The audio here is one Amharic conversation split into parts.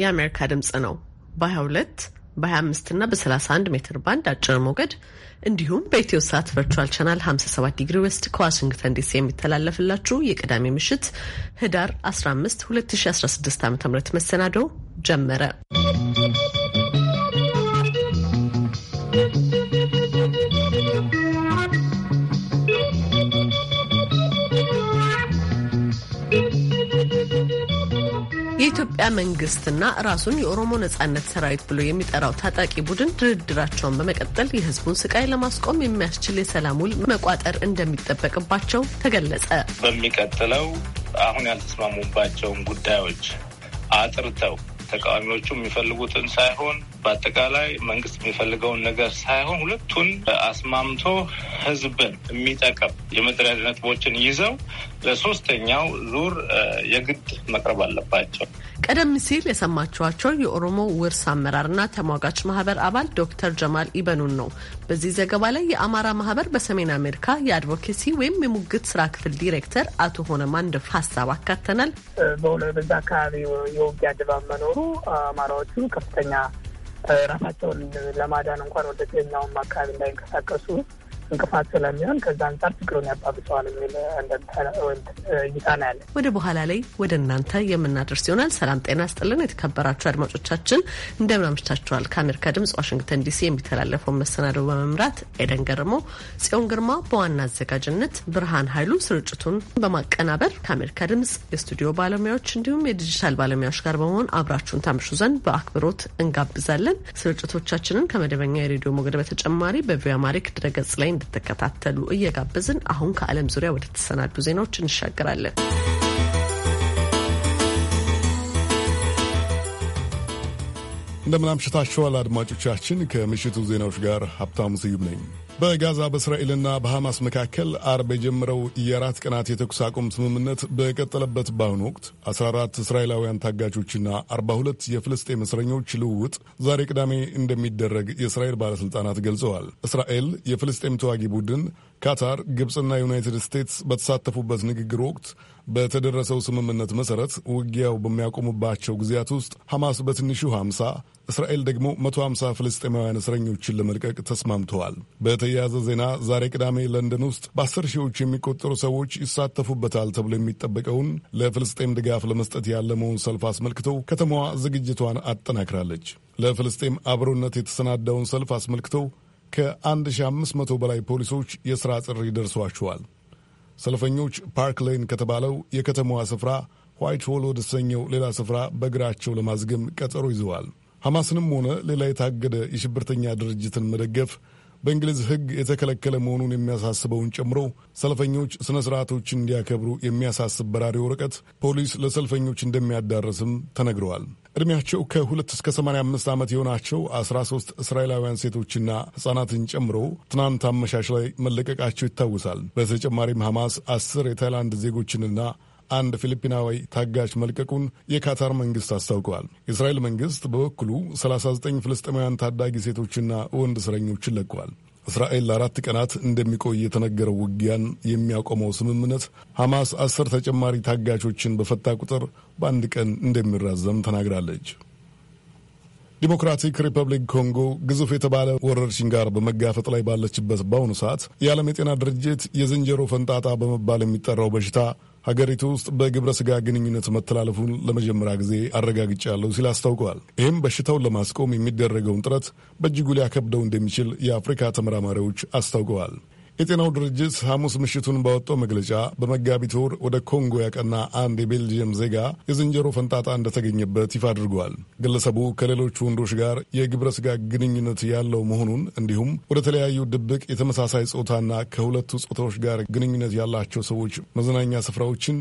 የአሜሪካ ድምጽ ነው። በ22 በ25 እና በ31 ሜትር ባንድ አጭር ሞገድ እንዲሁም በኢትዮ ሳት ቨርቹዋል ቻናል 57 ዲግሪ ዌስት ከዋሽንግተን ዲሲ የሚተላለፍላችሁ የቅዳሜ ምሽት ህዳር 15 2016 ዓ ም መሰናዶው ጀመረ። የኢትዮጵያ መንግስትና ራሱን የኦሮሞ ነጻነት ሰራዊት ብሎ የሚጠራው ታጣቂ ቡድን ድርድራቸውን በመቀጠል የህዝቡን ስቃይ ለማስቆም የሚያስችል የሰላም ውል መቋጠር እንደሚጠበቅባቸው ተገለጸ። በሚቀጥለው አሁን ያልተስማሙባቸውን ጉዳዮች አጥርተው ተቃዋሚዎቹ የሚፈልጉትን ሳይሆን በአጠቃላይ መንግስት የሚፈልገውን ነገር ሳይሆን ሁለቱን አስማምቶ ህዝብን የሚጠቀም የመደራደሪያ ነጥቦችን ይዘው ለሶስተኛው ዙር የግድ መቅረብ አለባቸው። ቀደም ሲል የሰማችኋቸው የኦሮሞ ውርስ አመራርና ተሟጋች ማህበር አባል ዶክተር ጀማል ኢበኑን ነው። በዚህ ዘገባ ላይ የአማራ ማህበር በሰሜን አሜሪካ የአድቮኬሲ ወይም የሙግት ስራ ክፍል ዲሬክተር አቶ ሆነ ማንደፍ ሀሳብ አካተናል። በዛ አካባቢ የውጊያ ድባብ መኖሩ አማራዎቹ ከፍተኛ ራሳቸውን ለማዳን እንኳን ወደ ሌላውም አካባቢ እንዳይንቀሳቀሱ እንቅፋት ስለሚሆን ከዛ አንጻር ችግሩን ያባብሰዋል የሚል እይታ ነው ያለ። ወደ በኋላ ላይ ወደ እናንተ የምናደርስ ይሆናል። ሰላም ጤና ስጥልን። የተከበራችሁ አድማጮቻችን እንደምን አምሽታችኋል? ከአሜሪካ ድምጽ ዋሽንግተን ዲሲ የሚተላለፈውን መሰናዶ በመምራት ኤደን ገርሞ፣ ጽዮን ግርማ በዋና አዘጋጅነት ብርሃን ኃይሉ ስርጭቱን በማቀናበር ከአሜሪካ ድምጽ የስቱዲዮ ባለሙያዎች እንዲሁም የዲጂታል ባለሙያዎች ጋር በመሆን አብራችሁን ታምሹ ዘንድ በአክብሮት እንጋብዛለን። ስርጭቶቻችንን ከመደበኛ የሬዲዮ ሞገድ በተጨማሪ በቪያማሪክ ድረገጽ ላይ እንድትከታተሉ እየጋበዝን አሁን ከዓለም ዙሪያ ወደ ተሰናዱ ዜናዎች እንሻገራለን። እንደምናምሽታችኋል አድማጮቻችን። ከምሽቱ ዜናዎች ጋር ሀብታሙ ስዩም ነኝ። በጋዛ በእስራኤልና በሐማስ መካከል አርብ የጀመረው የአራት ቀናት የተኩስ አቁም ስምምነት በቀጠለበት በአሁኑ ወቅት 14 እስራኤላውያን ታጋቾችና 42 የፍልስጤም እስረኞች ልውውጥ ዛሬ ቅዳሜ እንደሚደረግ የእስራኤል ባለሥልጣናት ገልጸዋል። እስራኤል የፍልስጤም ተዋጊ ቡድን፣ ካታር፣ ግብፅና ዩናይትድ ስቴትስ በተሳተፉበት ንግግር ወቅት በተደረሰው ስምምነት መሰረት ውጊያው በሚያቆምባቸው ጊዜያት ውስጥ ሐማስ በትንሹ 50 እስራኤል ደግሞ 150 ፍልስጤማውያን እስረኞችን ለመልቀቅ ተስማምተዋል። በተያያዘ ዜና ዛሬ ቅዳሜ ለንደን ውስጥ በአስር ሺዎች የሚቆጠሩ ሰዎች ይሳተፉበታል ተብሎ የሚጠበቀውን ለፍልስጤም ድጋፍ ለመስጠት ያለመውን ሰልፍ አስመልክቶ ከተማዋ ዝግጅቷን አጠናክራለች። ለፍልስጤም አብሮነት የተሰናዳውን ሰልፍ አስመልክቶ ከ1500 በላይ ፖሊሶች የሥራ ጥሪ ደርሷቸዋል። ሰልፈኞች ፓርክ ሌን ከተባለው የከተማዋ ስፍራ ዋይት ሆል ወደ ተሰኘው ሌላ ስፍራ በእግራቸው ለማዝገም ቀጠሮ ይዘዋል። ሐማስንም ሆነ ሌላ የታገደ የሽብርተኛ ድርጅትን መደገፍ በእንግሊዝ ሕግ የተከለከለ መሆኑን የሚያሳስበውን ጨምሮ ሰልፈኞች ሥነ ሥርዓቶችን እንዲያከብሩ የሚያሳስብ በራሪ ወረቀት ፖሊስ ለሰልፈኞች እንደሚያዳረስም ተነግረዋል። እድሜያቸው ከ2 እስከ 85 ዓመት የሆናቸው 13 እስራኤላውያን ሴቶችና ሕፃናትን ጨምሮ ትናንት አመሻሽ ላይ መለቀቃቸው ይታወሳል። በተጨማሪም ሐማስ አስር የታይላንድ ዜጎችንና አንድ ፊሊፒናዊ ታጋች መልቀቁን የካታር መንግስት አስታውቀዋል። የእስራኤል መንግስት በበኩሉ 39 ፍልስጤማውያን ታዳጊ ሴቶችና ወንድ እስረኞችን ለቀዋል። እስራኤል ለአራት ቀናት እንደሚቆይ የተነገረው ውጊያን የሚያቆመው ስምምነት ሐማስ አስር ተጨማሪ ታጋቾችን በፈታ ቁጥር በአንድ ቀን እንደሚራዘም ተናግራለች። ዲሞክራቲክ ሪፐብሊክ ኮንጎ ግዙፍ የተባለ ወረርሽኝ ጋር በመጋፈጥ ላይ ባለችበት በአሁኑ ሰዓት የዓለም የጤና ድርጅት የዝንጀሮ ፈንጣጣ በመባል የሚጠራው በሽታ ሀገሪቱ ውስጥ በግብረ ስጋ ግንኙነት መተላለፉን ለመጀመሪያ ጊዜ አረጋግጫለሁ ሲል አስታውቀዋል። ይህም በሽታውን ለማስቆም የሚደረገውን ጥረት በእጅጉ ሊያከብደው እንደሚችል የአፍሪካ ተመራማሪዎች አስታውቀዋል። የጤናው ድርጅት ሐሙስ ምሽቱን ባወጣው መግለጫ በመጋቢት ወር ወደ ኮንጎ ያቀና አንድ የቤልጅየም ዜጋ የዝንጀሮ ፈንጣጣ እንደተገኘበት ይፋ አድርገዋል። ግለሰቡ ከሌሎች ወንዶች ጋር የግብረ ሥጋ ግንኙነት ያለው መሆኑን እንዲሁም ወደ ተለያዩ ድብቅ የተመሳሳይ ጾታና ከሁለቱ ጾታዎች ጋር ግንኙነት ያላቸው ሰዎች መዝናኛ ስፍራዎችን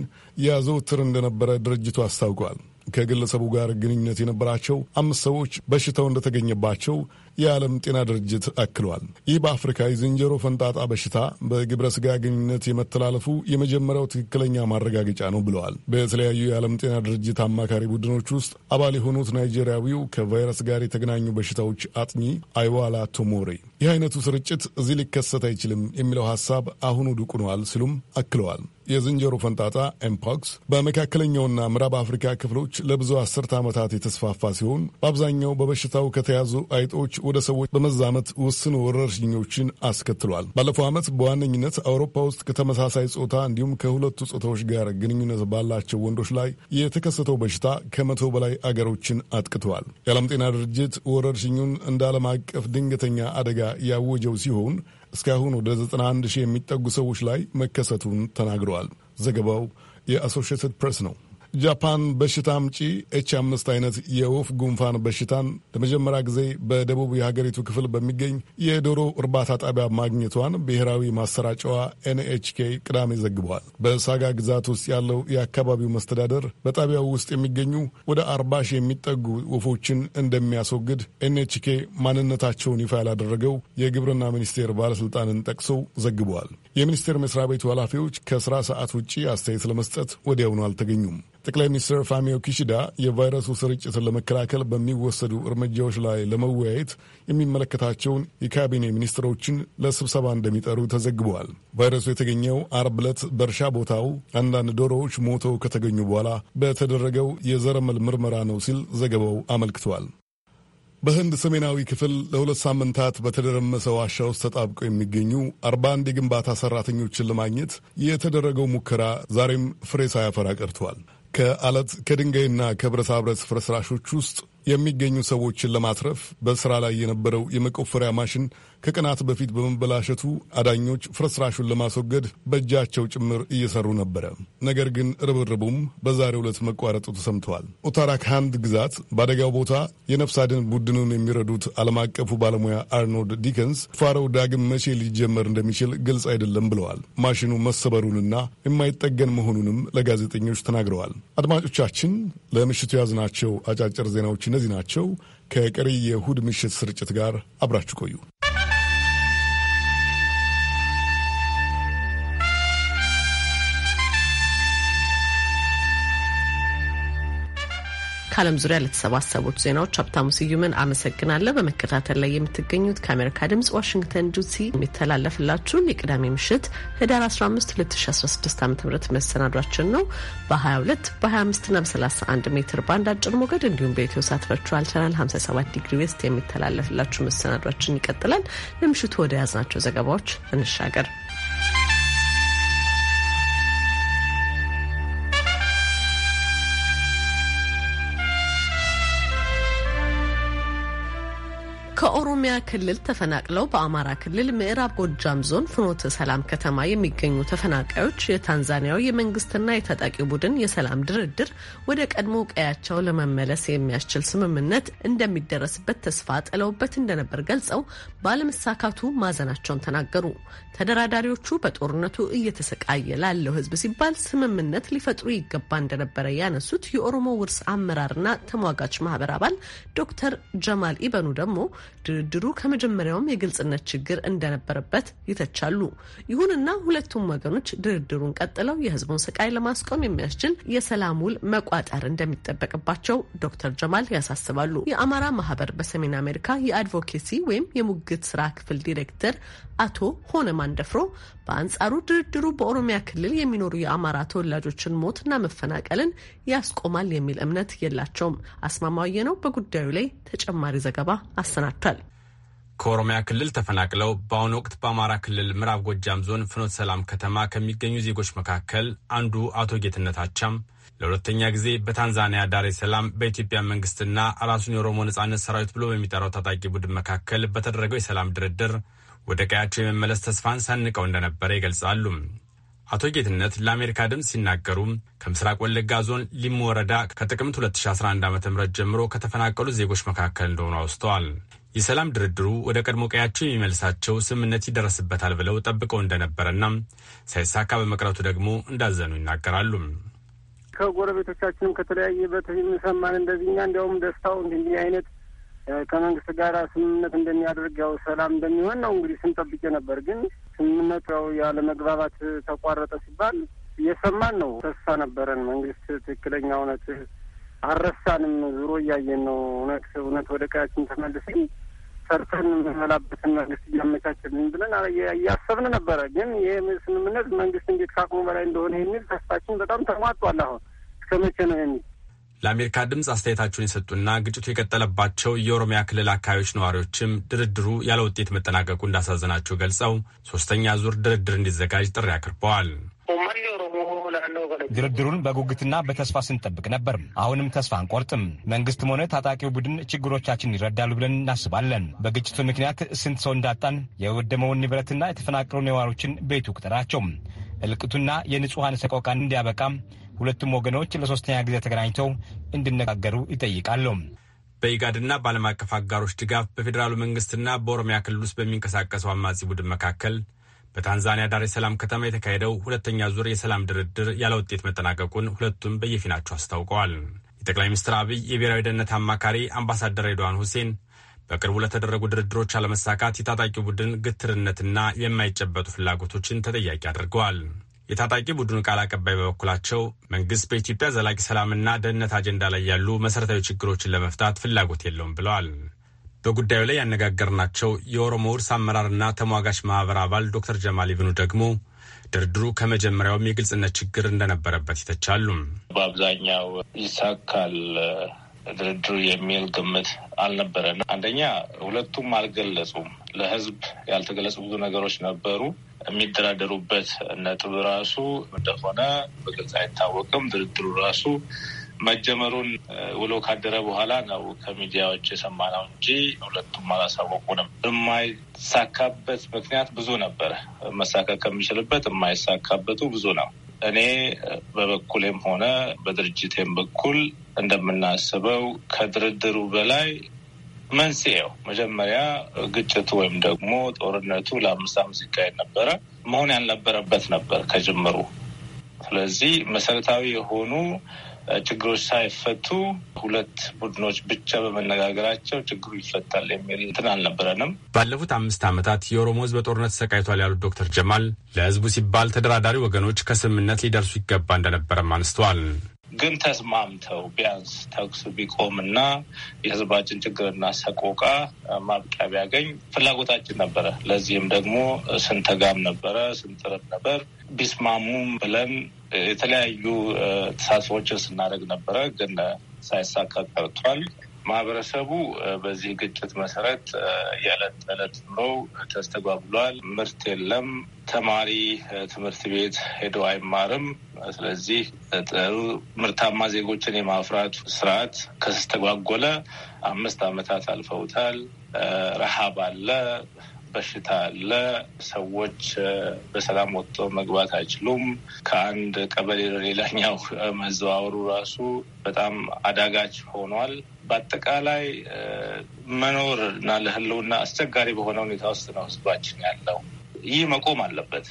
ያዘወትር እንደነበረ ድርጅቱ አስታውቋል። ከግለሰቡ ጋር ግንኙነት የነበራቸው አምስት ሰዎች በሽታው እንደተገኘባቸው የዓለም ጤና ድርጅት አክሏል። ይህ በአፍሪካ የዝንጀሮ ፈንጣጣ በሽታ በግብረ ስጋ ግንኙነት የመተላለፉ የመጀመሪያው ትክክለኛ ማረጋገጫ ነው ብለዋል። በተለያዩ የዓለም ጤና ድርጅት አማካሪ ቡድኖች ውስጥ አባል የሆኑት ናይጄሪያዊው ከቫይረስ ጋር የተገናኙ በሽታዎች አጥኚ አይዋላ ቶሞሬ ይህ አይነቱ ስርጭት እዚህ ሊከሰት አይችልም የሚለው ሀሳብ አሁኑ ውድቅ ሲሉም አክለዋል። የዝንጀሮ ፈንጣጣ ኤምፖክስ በመካከለኛውና ምዕራብ አፍሪካ ክፍሎች ለብዙ አስርተ ዓመታት የተስፋፋ ሲሆን በአብዛኛው በበሽታው ከተያዙ አይጦች ወደ ሰዎች በመዛመት ውስን ወረርሽኞችን አስከትሏል። ባለፈው ዓመት በዋነኝነት አውሮፓ ውስጥ ከተመሳሳይ ጾታ እንዲሁም ከሁለቱ ጾታዎች ጋር ግንኙነት ባላቸው ወንዶች ላይ የተከሰተው በሽታ ከመቶ በላይ አገሮችን አጥቅተዋል። የዓለም ጤና ድርጅት ወረርሽኙን እንደ ዓለም አቀፍ ድንገተኛ አደጋ ያወጀው ሲሆን እስካሁን ወደ 91 ሺህ የሚጠጉ ሰዎች ላይ መከሰቱን ተናግረዋል። ዘገባው የአሶሽትድ ፕሬስ ነው። ጃፓን በሽታ አምጪ ኤች አምስት አይነት የወፍ ጉንፋን በሽታን ለመጀመሪያ ጊዜ በደቡብ የሀገሪቱ ክፍል በሚገኝ የዶሮ እርባታ ጣቢያ ማግኘቷን ብሔራዊ ማሰራጫዋ ኤንኤችኬ ቅዳሜ ዘግቧል። በሳጋ ግዛት ውስጥ ያለው የአካባቢው መስተዳደር በጣቢያው ውስጥ የሚገኙ ወደ አርባ ሺህ የሚጠጉ ወፎችን እንደሚያስወግድ ኤንኤችኬ ማንነታቸውን ይፋ ያላደረገው የግብርና ሚኒስቴር ባለስልጣንን ጠቅሶ ዘግበዋል። የሚኒስቴር መስሪያ ቤቱ ኃላፊዎች ከስራ ሰዓት ውጭ አስተያየት ለመስጠት ወዲያውኑ አልተገኙም። ጠቅላይ ሚኒስትር ፋሚዮ ኪሺዳ የቫይረሱ ስርጭትን ለመከላከል በሚወሰዱ እርምጃዎች ላይ ለመወያየት የሚመለከታቸውን የካቢኔ ሚኒስትሮችን ለስብሰባ እንደሚጠሩ ተዘግበዋል። ቫይረሱ የተገኘው አርብ ዕለት በእርሻ ቦታው አንዳንድ ዶሮዎች ሞተው ከተገኙ በኋላ በተደረገው የዘረመል ምርመራ ነው ሲል ዘገባው አመልክቷል። በህንድ ሰሜናዊ ክፍል ለሁለት ሳምንታት በተደረመሰ ዋሻ ውስጥ ተጣብቀው የሚገኙ 41 የግንባታ ሰራተኞችን ለማግኘት የተደረገው ሙከራ ዛሬም ፍሬ ሳያፈራ ቀርቷል። ከአለት ከድንጋይና ከብረታ ብረት ፍርስራሾች ውስጥ የሚገኙ ሰዎችን ለማትረፍ በስራ ላይ የነበረው የመቆፈሪያ ማሽን ከቀናት በፊት በመበላሸቱ አዳኞች ፍርስራሹን ለማስወገድ በእጃቸው ጭምር እየሰሩ ነበረ። ነገር ግን ርብርቡም በዛሬው ዕለት መቋረጡ ተሰምተዋል። ኦታራክ ሃንድ ግዛት በአደጋው ቦታ የነፍስ አድን ቡድኑን የሚረዱት ዓለም አቀፉ ባለሙያ አርኖልድ ዲከንስ ፋረው ዳግም መቼ ሊጀመር እንደሚችል ግልጽ አይደለም ብለዋል። ማሽኑ መሰበሩንና የማይጠገን መሆኑንም ለጋዜጠኞች ተናግረዋል። አድማጮቻችን ለምሽቱ የያዝናቸው አጫጭር ዜናዎች እነዚህ ናቸው። ከቀሪ የእሁድ ምሽት ስርጭት ጋር አብራችሁ ቆዩ። ከዓለም ዙሪያ ለተሰባሰቡት ዜናዎች ሀብታሙ ስዩምን አመሰግናለሁ። በመከታተል ላይ የምትገኙት ከአሜሪካ ድምጽ ዋሽንግተን ዲሲ የሚተላለፍላችሁን የቅዳሜ ምሽት ህዳር 15 2016 ዓ ም መሰናዷችን ነው። በ22 በ25 ና በ31 ሜትር ባንድ አጭር ሞገድ እንዲሁም በኢትዮ ሳት ቨርቹዋል ቻናል 57 ዲግሪ ዌስት የሚተላለፍላችሁ መሰናዷችን ይቀጥላል። ለምሽቱ ወደ ያዝናቸው ዘገባዎች እንሻገር። ከኦሮሚያ ክልል ተፈናቅለው በአማራ ክልል ምዕራብ ጎጃም ዞን ፍኖተ ሰላም ከተማ የሚገኙ ተፈናቃዮች የታንዛኒያው የመንግስትና የታጣቂ ቡድን የሰላም ድርድር ወደ ቀድሞ ቀያቸው ለመመለስ የሚያስችል ስምምነት እንደሚደረስበት ተስፋ ጥለውበት እንደነበር ገልጸው ባለመሳካቱ ማዘናቸውን ተናገሩ። ተደራዳሪዎቹ በጦርነቱ እየተሰቃየ ላለው ሕዝብ ሲባል ስምምነት ሊፈጥሩ ይገባ እንደነበረ ያነሱት የኦሮሞ ውርስ አመራርና ተሟጋች ማህበር አባል ዶክተር ጀማል ኢበኑ ደግሞ ድርድሩ ከመጀመሪያውም የግልጽነት ችግር እንደነበረበት ይተቻሉ። ይሁንና ሁለቱም ወገኖች ድርድሩን ቀጥለው የህዝቡን ስቃይ ለማስቆም የሚያስችል የሰላም ውል መቋጠር እንደሚጠበቅባቸው ዶክተር ጀማል ያሳስባሉ። የአማራ ማህበር በሰሜን አሜሪካ የአድቮኬሲ ወይም የሙግት ስራ ክፍል ዲሬክተር አቶ ሆነ ማንደፍሮ በአንጻሩ ድርድሩ በኦሮሚያ ክልል የሚኖሩ የአማራ ተወላጆችን ሞት እና መፈናቀልን ያስቆማል የሚል እምነት የላቸውም። አስማማው ነው በጉዳዩ ላይ ተጨማሪ ዘገባ አሰናድቷል። ከኦሮሚያ ክልል ተፈናቅለው በአሁኑ ወቅት በአማራ ክልል ምዕራብ ጎጃም ዞን ፍኖት ሰላም ከተማ ከሚገኙ ዜጎች መካከል አንዱ አቶ ጌትነት አቻም ለሁለተኛ ጊዜ በታንዛኒያ ዳሬ ሰላም በኢትዮጵያ መንግስትና ራሱን የኦሮሞ ነጻነት ሰራዊት ብሎ በሚጠራው ታጣቂ ቡድን መካከል በተደረገው የሰላም ድርድር ወደ ቀያቸው የመመለስ ተስፋን ሰንቀው እንደነበረ ይገልጻሉ። አቶ ጌትነት ለአሜሪካ ድምፅ ሲናገሩ ከምስራቅ ወለጋ ዞን ሊሙ ወረዳ ከጥቅምት 2011 ዓ ም ጀምሮ ከተፈናቀሉ ዜጎች መካከል እንደሆኑ አውስተዋል። የሰላም ድርድሩ ወደ ቀድሞ ቀያቸው የሚመልሳቸው ስምምነት ይደረስበታል ብለው ጠብቀው እንደነበረና ሳይሳካ በመቅረቱ ደግሞ እንዳዘኑ ይናገራሉ። ከጎረቤቶቻችንም ከተለያየ በተሰማን እንደዚህኛ እንዲያውም ደስታው እንዲህ አይነት ከመንግስት ጋር ስምምነት እንደሚያደርግ ያው ሰላም እንደሚሆን ነው እንግዲህ ስንጠብቄ ነበር። ግን ስምምነቱ ያው ያለ መግባባት ተቋረጠ ሲባል እየሰማን ነው። ተስፋ ነበረን መንግስት ትክክለኛ እውነት አልረሳንም። ዙሮ እያየን ነው። እውነት እውነት ወደ ቀያችን ተመልሰን ሰርተን የምንበላበትን መንግስት እያመቻችልን ብለን እያሰብን ነበረ። ግን ይህ ስምምነት መንግስት እንዴት ከአቅሙ በላይ እንደሆነ የሚል ተስፋችን በጣም ተሟጧል። አሁን እስከ መቼ ነው የሚል ለአሜሪካ ድምፅ አስተያየታቸውን የሰጡና ግጭቱ የቀጠለባቸው የኦሮሚያ ክልል አካባቢዎች ነዋሪዎችም ድርድሩ ያለ ውጤት መጠናቀቁ እንዳሳዘናቸው ገልጸው ሶስተኛ ዙር ድርድር እንዲዘጋጅ ጥሪ አቅርበዋል። ድርድሩን በጉጉትና በተስፋ ስንጠብቅ ነበር። አሁንም ተስፋ አንቆርጥም። መንግስትም ሆነ ታጣቂው ቡድን ችግሮቻችን ይረዳሉ ብለን እናስባለን። በግጭቱ ምክንያት ስንት ሰው እንዳጣን፣ የወደመውን ንብረትና የተፈናቀሉ ነዋሪዎችን ቤቱ ቁጠራቸው። እልቅቱና የንጹሐን ሰቆቃን እንዲያበቃም ሁለቱም ወገኖች ለሶስተኛ ጊዜ ተገናኝተው እንዲነጋገሩ ይጠይቃሉ። በኢጋድና በዓለም አቀፍ አጋሮች ድጋፍ በፌዴራሉ መንግስትና በኦሮሚያ ክልል ውስጥ በሚንቀሳቀሰው አማጺ ቡድን መካከል በታንዛኒያ ዳር የሰላም ከተማ የተካሄደው ሁለተኛ ዙር የሰላም ድርድር ያለ ውጤት መጠናቀቁን ሁለቱም በየፊናቸው አስታውቀዋል። የጠቅላይ ሚኒስትር አብይ የብሔራዊ ደህንነት አማካሪ አምባሳደር ሬድዋን ሁሴን በቅርቡ ለተደረጉ ድርድሮች አለመሳካት የታጣቂ ቡድን ግትርነትና የማይጨበጡ ፍላጎቶችን ተጠያቂ አድርገዋል። የታጣቂ ቡድኑ ቃል አቀባይ በበኩላቸው መንግስት በኢትዮጵያ ዘላቂ ሰላምና ደህንነት አጀንዳ ላይ ያሉ መሠረታዊ ችግሮችን ለመፍታት ፍላጎት የለውም ብለዋል። በጉዳዩ ላይ ያነጋገርናቸው የኦሮሞ ውርስ አመራርና ተሟጋች ማህበር አባል ዶክተር ጀማል ብኑ ደግሞ ድርድሩ ከመጀመሪያውም የግልጽነት ችግር እንደነበረበት ይተቻሉ። በአብዛኛው ይሳካል ድርድሩ የሚል ግምት አልነበረን። አንደኛ ሁለቱም አልገለጹም። ለህዝብ ያልተገለጹ ብዙ ነገሮች ነበሩ። የሚደራደሩበት ነጥብ ራሱ እንደሆነ በግልጽ አይታወቅም። ድርድሩ ራሱ መጀመሩን ውሎ ካደረ በኋላ ነው ከሚዲያዎች ነው እንጂ ሁለቱም አላሳወቁንም። የማይሳካበት ምክንያት ብዙ ነበረ። መሳካት ከሚችልበት የማይሳካበቱ ብዙ ነው። እኔ በበኩሌም ሆነ በድርጅቴም በኩል እንደምናስበው ከድርድሩ በላይ መንስኤው መጀመሪያ ግጭቱ ወይም ደግሞ ጦርነቱ ለአምስት አምስት ሲካሄድ ነበረ መሆን ያልነበረበት ነበር ከጅምሩ። ስለዚህ መሰረታዊ የሆኑ ችግሮች ሳይፈቱ ሁለት ቡድኖች ብቻ በመነጋገራቸው ችግሩ ይፈታል የሚል እንትን አልነበረንም። ባለፉት አምስት ዓመታት የኦሮሞ ሕዝብ በጦርነት ተሰቃይቷል ያሉት ዶክተር ጀማል ለሕዝቡ ሲባል ተደራዳሪ ወገኖች ከስምምነት ሊደርሱ ይገባ እንደነበረም አንስተዋል። ግን ተስማምተው ቢያንስ ተኩስ ቢቆም እና የህዝባችን ችግርና ሰቆቃ ማብቂያ ቢያገኝ ፍላጎታችን ነበረ። ለዚህም ደግሞ ስንተጋም ነበረ፣ ስንጥርም ነበር። ቢስማሙም ብለን የተለያዩ ተሳትፎችን ስናደርግ ነበረ ግን ሳይሳካ ቀርቷል። ማህበረሰቡ በዚህ ግጭት መሰረት የዕለት ተዕለት ኑሮ ተስተጓጉሏል። ምርት የለም። ተማሪ ትምህርት ቤት ሄዶ አይማርም። ስለዚህ ጥሩ ምርታማ ዜጎችን የማፍራት ስርዓት ከተስተጓጎለ አምስት ዓመታት አልፈውታል። ረሃብ አለ፣ በሽታ አለ። ሰዎች በሰላም ወጥቶ መግባት አይችሉም። ከአንድ ቀበሌ ሌላኛው መዘዋወሩ ራሱ በጣም አዳጋች ሆኗል። በአጠቃላይ መኖር እና ለህልውና አስቸጋሪ በሆነ ሁኔታ ውስጥ ነው ህዝባችን ያለው። ይህ መቆም አለበት።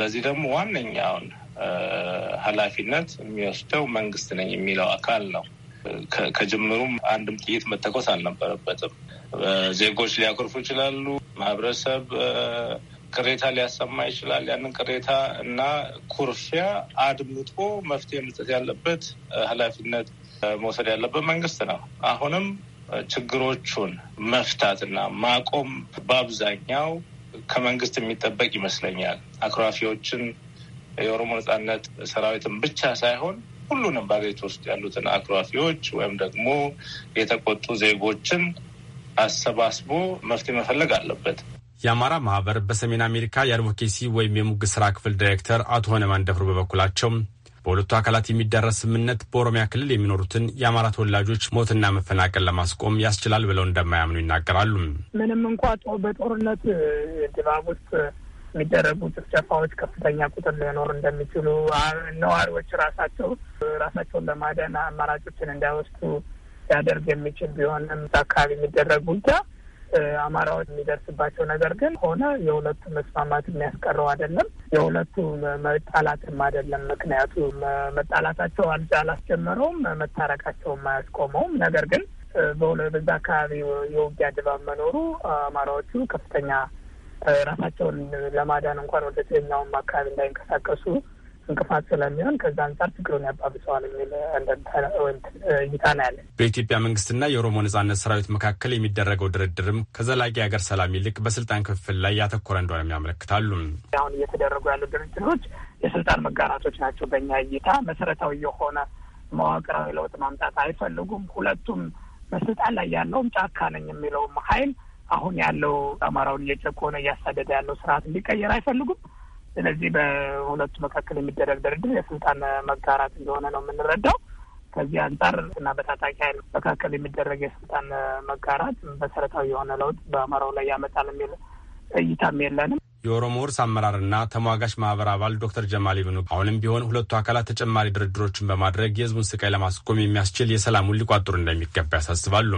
ለዚህ ደግሞ ዋነኛውን ኃላፊነት የሚወስደው መንግስት ነኝ የሚለው አካል ነው። ከጅምሩም አንድም ጥይት መተኮስ አልነበረበትም። ዜጎች ሊያኮርፉ ይችላሉ። ማህበረሰብ ቅሬታ ሊያሰማ ይችላል። ያንን ቅሬታ እና ኩርፊያ አድምጦ መፍትሄ መስጠት ያለበት ኃላፊነት መውሰድ ያለበት መንግስት ነው። አሁንም ችግሮቹን መፍታትና ማቆም በአብዛኛው ከመንግስት የሚጠበቅ ይመስለኛል። አክራፊዎችን የኦሮሞ ነጻነት ሰራዊትን ብቻ ሳይሆን ሁሉንም በአገሪቱ ውስጥ ያሉትን አክራፊዎች ወይም ደግሞ የተቆጡ ዜጎችን አሰባስቦ መፍትሄ መፈለግ አለበት። የአማራ ማህበር በሰሜን አሜሪካ የአድቮኬሲ ወይም የሙግ ስራ ክፍል ዳይሬክተር አቶ ሆነማን ደፍሮ በበኩላቸው በሁለቱ አካላት የሚደረስ ስምምነት በኦሮሚያ ክልል የሚኖሩትን የአማራ ተወላጆች ሞትና መፈናቀል ለማስቆም ያስችላል ብለው እንደማያምኑ ይናገራሉ። ምንም እንኳ በጦርነት ድባብ ውስጥ የሚደረጉ ጭፍጨፋዎች ከፍተኛ ቁጥር ሊኖር እንደሚችሉ ነዋሪዎች ራሳቸው ራሳቸውን ለማደን አማራጮችን እንዳይወስዱ ሊያደርግ የሚችል ቢሆንም አካባቢ የሚደረጉ ውጊያ አማራዎች የሚደርስባቸው ነገር ግን ሆነ የሁለቱ መስማማት የሚያስቀረው አይደለም። የሁለቱ መጣላትም አይደለም። ምክንያቱ መጣላታቸው አላስጀመረውም፣ መታረቃቸውም አያስቆመውም። ነገር ግን በዛ አካባቢ የውጊያ ድባብ መኖሩ አማራዎቹ ከፍተኛ ራሳቸውን ለማዳን እንኳን ወደ ትኛውም አካባቢ እንዳይንቀሳቀሱ እንቅፋት ስለሚሆን ከዛ አንጻር ችግሩን ያባብሰዋል የሚል እይታ ነው ያለን። በኢትዮጵያ መንግስትና የኦሮሞ ነጻነት ሰራዊት መካከል የሚደረገው ድርድርም ከዘላቂ ሀገር ሰላም ይልቅ በስልጣን ክፍፍል ላይ ያተኮረ እንደሆነም ያመለክታሉ። አሁን እየተደረጉ ያሉ ድርድሮች የስልጣን መጋራቶች ናቸው። በእኛ እይታ መሰረታዊ የሆነ መዋቅራዊ ለውጥ ማምጣት አይፈልጉም። ሁለቱም በስልጣን ላይ ያለውም ጫካ ነኝ የሚለውም ሀይል አሁን ያለው አማራውን እየጨቆነ እያሳደደ ያለው ስርዓት እንዲቀየር አይፈልጉም። ስለዚህ በሁለቱ መካከል የሚደረግ ድርድር የስልጣን መጋራት እንደሆነ ነው የምንረዳው። ከዚህ አንጻር እና በታጣቂ ኃይል መካከል የሚደረግ የስልጣን መጋራት መሰረታዊ የሆነ ለውጥ በአማራው ላይ ያመጣል የሚል እይታም የለንም። የኦሮሞ ውርስ አመራርና ተሟጋች ማህበር አባል ዶክተር ጀማል ብኑ አሁንም ቢሆን ሁለቱ አካላት ተጨማሪ ድርድሮችን በማድረግ የህዝቡን ስቃይ ለማስቆም የሚያስችል የሰላሙን ሊቋጥሩ እንደሚገባ ያሳስባሉ።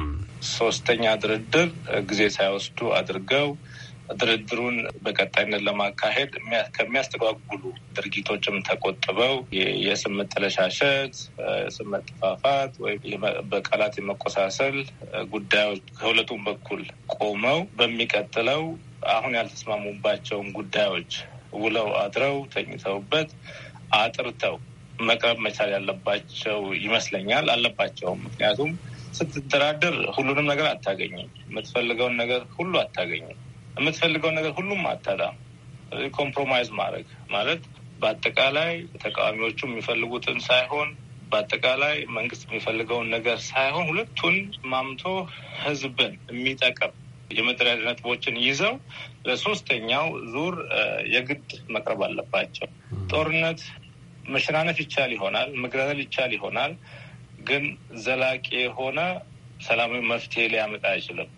ሶስተኛ ድርድር ጊዜ ሳይወስዱ አድርገው ድርድሩን በቀጣይነት ለማካሄድ ከሚያስተጓጉሉ ድርጊቶችም ተቆጥበው የስም መጠለሻሸት፣ ስም መጠፋፋት ወይም በቃላት የመቆሳሰል ጉዳዮች ከሁለቱም በኩል ቆመው በሚቀጥለው አሁን ያልተስማሙባቸውን ጉዳዮች ውለው አድረው ተኝተውበት አጥርተው መቅረብ መቻል ያለባቸው ይመስለኛል። አለባቸውም። ምክንያቱም ስትደራደር ሁሉንም ነገር አታገኝም። የምትፈልገውን ነገር ሁሉ አታገኝም። የምትፈልገው ነገር ሁሉም አታጣም። ኮምፕሮማይዝ ማድረግ ማለት በአጠቃላይ ተቃዋሚዎቹ የሚፈልጉትን ሳይሆን በአጠቃላይ መንግስት የሚፈልገውን ነገር ሳይሆን ሁለቱን ማምቶ ህዝብን የሚጠቅም የመደራደሪያ ነጥቦችን ይዘው ለሶስተኛው ዙር የግድ መቅረብ አለባቸው። ጦርነት መሸናነፍ ይቻል ይሆናል፣ መግረል ይቻል ይሆናል፣ ግን ዘላቂ የሆነ ሰላማዊ መፍትሄ ሊያመጣ አይችልም።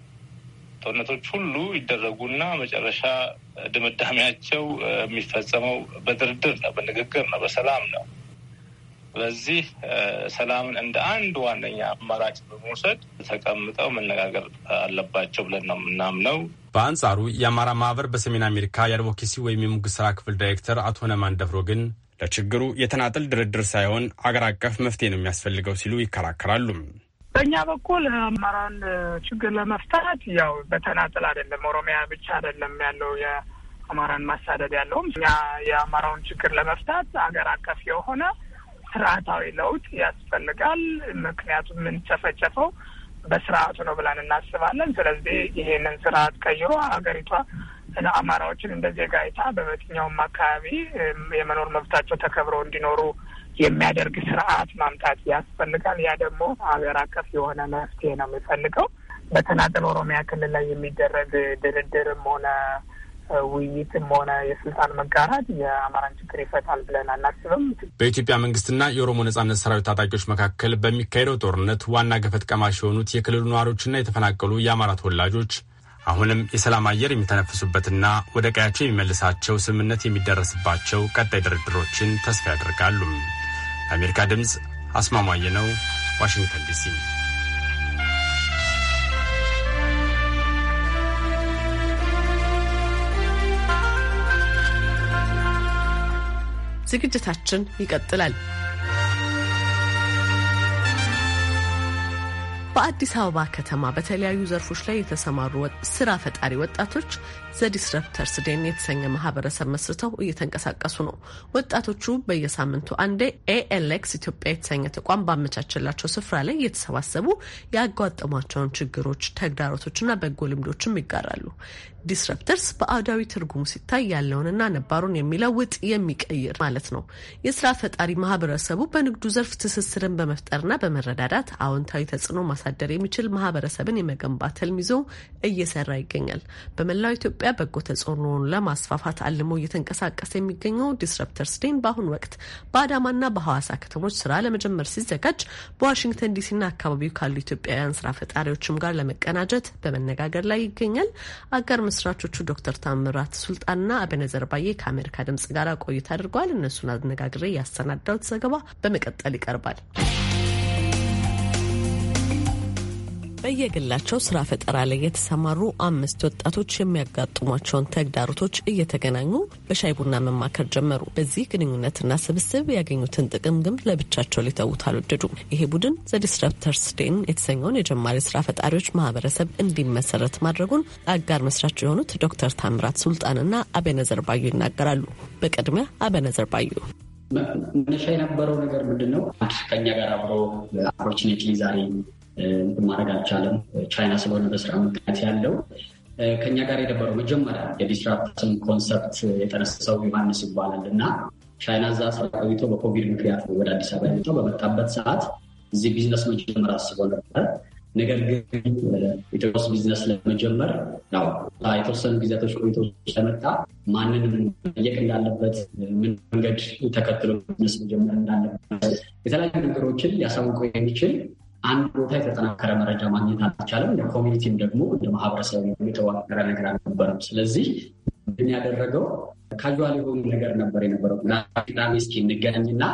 ጦርነቶች ሁሉ ይደረጉና መጨረሻ ድምዳሜያቸው የሚፈጸመው በድርድር ነው፣ በንግግር ነው፣ በሰላም ነው። ስለዚህ ሰላምን እንደ አንድ ዋነኛ አማራጭ በመውሰድ ተቀምጠው መነጋገር አለባቸው ብለን ነው የምናምነው። በአንጻሩ የአማራ ማህበር በሰሜን አሜሪካ የአድቮኬሲ ወይም የሙግ ስራ ክፍል ዳይሬክተር አቶ ነማን ደፍሮ ግን ለችግሩ የተናጠል ድርድር ሳይሆን አገር አቀፍ መፍትሄ ነው የሚያስፈልገው ሲሉ ይከራከራሉ። በእኛ በኩል አማራን ችግር ለመፍታት ያው በተናጥል አይደለም። ኦሮሚያ ብቻ አይደለም ያለው የአማራን ማሳደድ ያለውም እኛ የአማራውን ችግር ለመፍታት አገር አቀፍ የሆነ ስርዓታዊ ለውጥ ያስፈልጋል። ምክንያቱም የምንጨፈጨፈው በስርዓቱ ነው ብለን እናስባለን። ስለዚህ ይሄንን ስርዓት ቀይሮ ሀገሪቷ አማራዎችን እንደ ዜጋ አይታ በየትኛውም አካባቢ የመኖር መብታቸው ተከብረው እንዲኖሩ የሚያደርግ ስርዓት ማምጣት ያስፈልጋል። ያ ደግሞ ሀገር አቀፍ የሆነ መፍትሄ ነው የሚፈልገው። በተናጠል ኦሮሚያ ክልል ላይ የሚደረግ ድርድርም ሆነ ውይይትም ሆነ የስልጣን መጋራት የአማራን ችግር ይፈታል ብለን አናስብም። በኢትዮጵያ መንግስትና የኦሮሞ ነጻነት ሰራዊት ታጣቂዎች መካከል በሚካሄደው ጦርነት ዋና ገፈት ቀማሽ የሆኑት የክልሉ ነዋሪዎችና የተፈናቀሉ የአማራ ተወላጆች አሁንም የሰላም አየር የሚተነፍሱበትና ወደ ቀያቸው የሚመልሳቸው ስምምነት የሚደረስባቸው ቀጣይ ድርድሮችን ተስፋ ያደርጋሉ። ለአሜሪካ ድምፅ አስማማየ ነው፣ ዋሽንግተን ዲሲ። ዝግጅታችን ይቀጥላል። በአዲስ አበባ ከተማ በተለያዩ ዘርፎች ላይ የተሰማሩ ስራ ፈጣሪ ወጣቶች ዘዲስረፕተርስ ዴን የተሰኘ ማህበረሰብ መስርተው እየተንቀሳቀሱ ነው። ወጣቶቹ በየሳምንቱ አንዴ ኤኤልኤክስ ኢትዮጵያ የተሰኘ ተቋም ባመቻቸላቸው ስፍራ ላይ እየተሰባሰቡ ያጓጠሟቸውን ችግሮች፣ ተግዳሮቶችና በጎ ልምዶችም ይጋራሉ። ዲስረፕተርስ በአውዳዊ ትርጉሙ ሲታይ ያለውንና ነባሩን የሚለውጥ የሚቀይር ማለት ነው። የስራ ፈጣሪ ማህበረሰቡ በንግዱ ዘርፍ ትስስርን በመፍጠርና በመረዳዳት አዎንታዊ ተጽዕኖ ማሳደር የሚችል ማህበረሰብን የመገንባት ህልም ይዞ እየሰራ ይገኛል። በመላው ኢትዮጵያ በኢትዮጵያ በጎ ተጽዕኖውን ለማስፋፋት አልሞ እየተንቀሳቀሰ የሚገኘው ዲስረፕተርስ ዴን በአሁኑ ወቅት በአዳማና በሐዋሳ ከተሞች ስራ ለመጀመር ሲዘጋጅ በዋሽንግተን ዲሲና አካባቢው ካሉ ኢትዮጵያውያን ስራ ፈጣሪዎችም ጋር ለመቀናጀት በመነጋገር ላይ ይገኛል። አጋር መስራቾቹ ዶክተር ታምራት ሱልጣንና አቤነዘር ባዬ ከአሜሪካ ድምጽ ጋር ቆይታ አድርገዋል። እነሱን አነጋግሬ ያሰናዳውት ዘገባ በመቀጠል ይቀርባል። በየግላቸው ስራ ፈጠራ ላይ የተሰማሩ አምስት ወጣቶች የሚያጋጥሟቸውን ተግዳሮቶች እየተገናኙ በሻይ ቡና መማከር ጀመሩ። በዚህ ግንኙነትና ስብስብ ያገኙትን ጥቅም ግን ለብቻቸው ሊተዉት አልወደዱም። ይሄ ቡድን ዘዲስረፕተርስ ዴን የተሰኘውን የጀማሪ ስራ ፈጣሪዎች ማህበረሰብ እንዲመሰረት ማድረጉን አጋር መስራች የሆኑት ዶክተር ታምራት ሱልጣንና አቤነዘር ባዩ ይናገራሉ። በቅድሚያ አቤነዘር ባዩ መነሻ የነበረው ነገር ምንድን ነው? አንድ ከኛ ጋር አብሮ ኦፖርቹኒቲ ዛሬ ማድረግ አልቻለም። ቻይና ስለሆነ በስራ ምክንያት ያለው ከኛ ጋር የነበረው መጀመሪያ የዲስራፕሽን ኮንሰፕት የተነሳው ዮሐንስ ይባላል እና ቻይና እዛ ስራ ቆይቶ በኮቪድ ምክንያት ወደ አዲስ አበባ የመጣው። በመጣበት ሰዓት እዚህ ቢዝነስ መጀመር አስቦ ነበር። ነገር ግን ኢትዮጵያ ውስጥ ቢዝነስ ለመጀመር ያው የተወሰኑ ጊዜያቶች ቆይቶ ስለመጣ ማንን መጠየቅ እንዳለበት፣ ምን መንገድ ተከትሎ ቢዝነስ መጀመር እንዳለበት የተለያዩ ነገሮችን ሊያሳውቀው የሚችል አንድ ቦታ የተጠናከረ መረጃ ማግኘት አልቻለም። እንደ ኮሚኒቲም ደግሞ እንደ ማህበረሰብ የተዋቀረ ነገር አልነበረም። ስለዚህ ምንድን ያደረገው ካዋል የሆኑ ነገር ነበር የነበረው። ቅዳሜ እስኪ እንገናኝና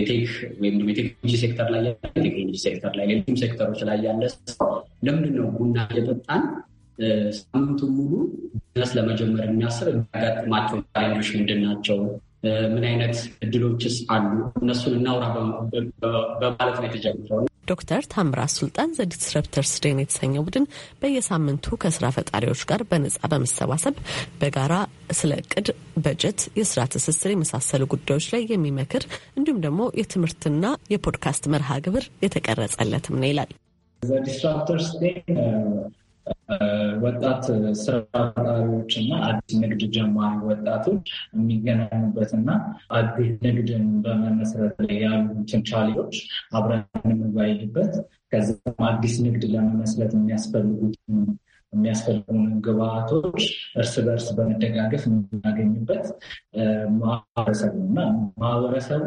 የቴክ ወይም የቴክኖሎጂ ሴክተር ላይ ያለ የቴክኖሎጂ ሴክተር ላይ ሌሎችም ሴክተሮች ላይ ያለ ሰው ለምንድን ነው ቡና እየጠጣን ሳምንቱ ሙሉ ቢዝነስ ለመጀመር የሚያስብ የሚያጋጥማቸው ቻሌንጆች ምንድን ናቸው? ምን አይነት እድሎችስ አሉ? እነሱን እናውራ በማለት ነው የተጀመረው ዶክተር ታምራት ሱልጣን ዘዲስረፕተርስ ዴን የተሰኘው ቡድን በየሳምንቱ ከስራ ፈጣሪዎች ጋር በነጻ በመሰባሰብ በጋራ ስለ እቅድ፣ በጀት፣ የስራ ትስስር የመሳሰሉ ጉዳዮች ላይ የሚመክር እንዲሁም ደግሞ የትምህርትና የፖድካስት መርሃ ግብር የተቀረጸለትም ነው ይላል። ዘዲስራፕተርስ ዴን ወጣት ስራ ፈጣሪዎች እና አዲስ ንግድ ጀማሪ ወጣቶች የሚገናኙበት እና አዲስ ንግድን በመመስረት ላይ ያሉትን ቻሌዎች አብረን የምንወያይበት ከዚም አዲስ ንግድ ለመመስረት የሚያስፈልጉትን የሚያስፈልጉን ግብአቶች እርስ በእርስ በመደጋገፍ የምናገኝበት ማህበረሰቡ እና ማህበረሰቡ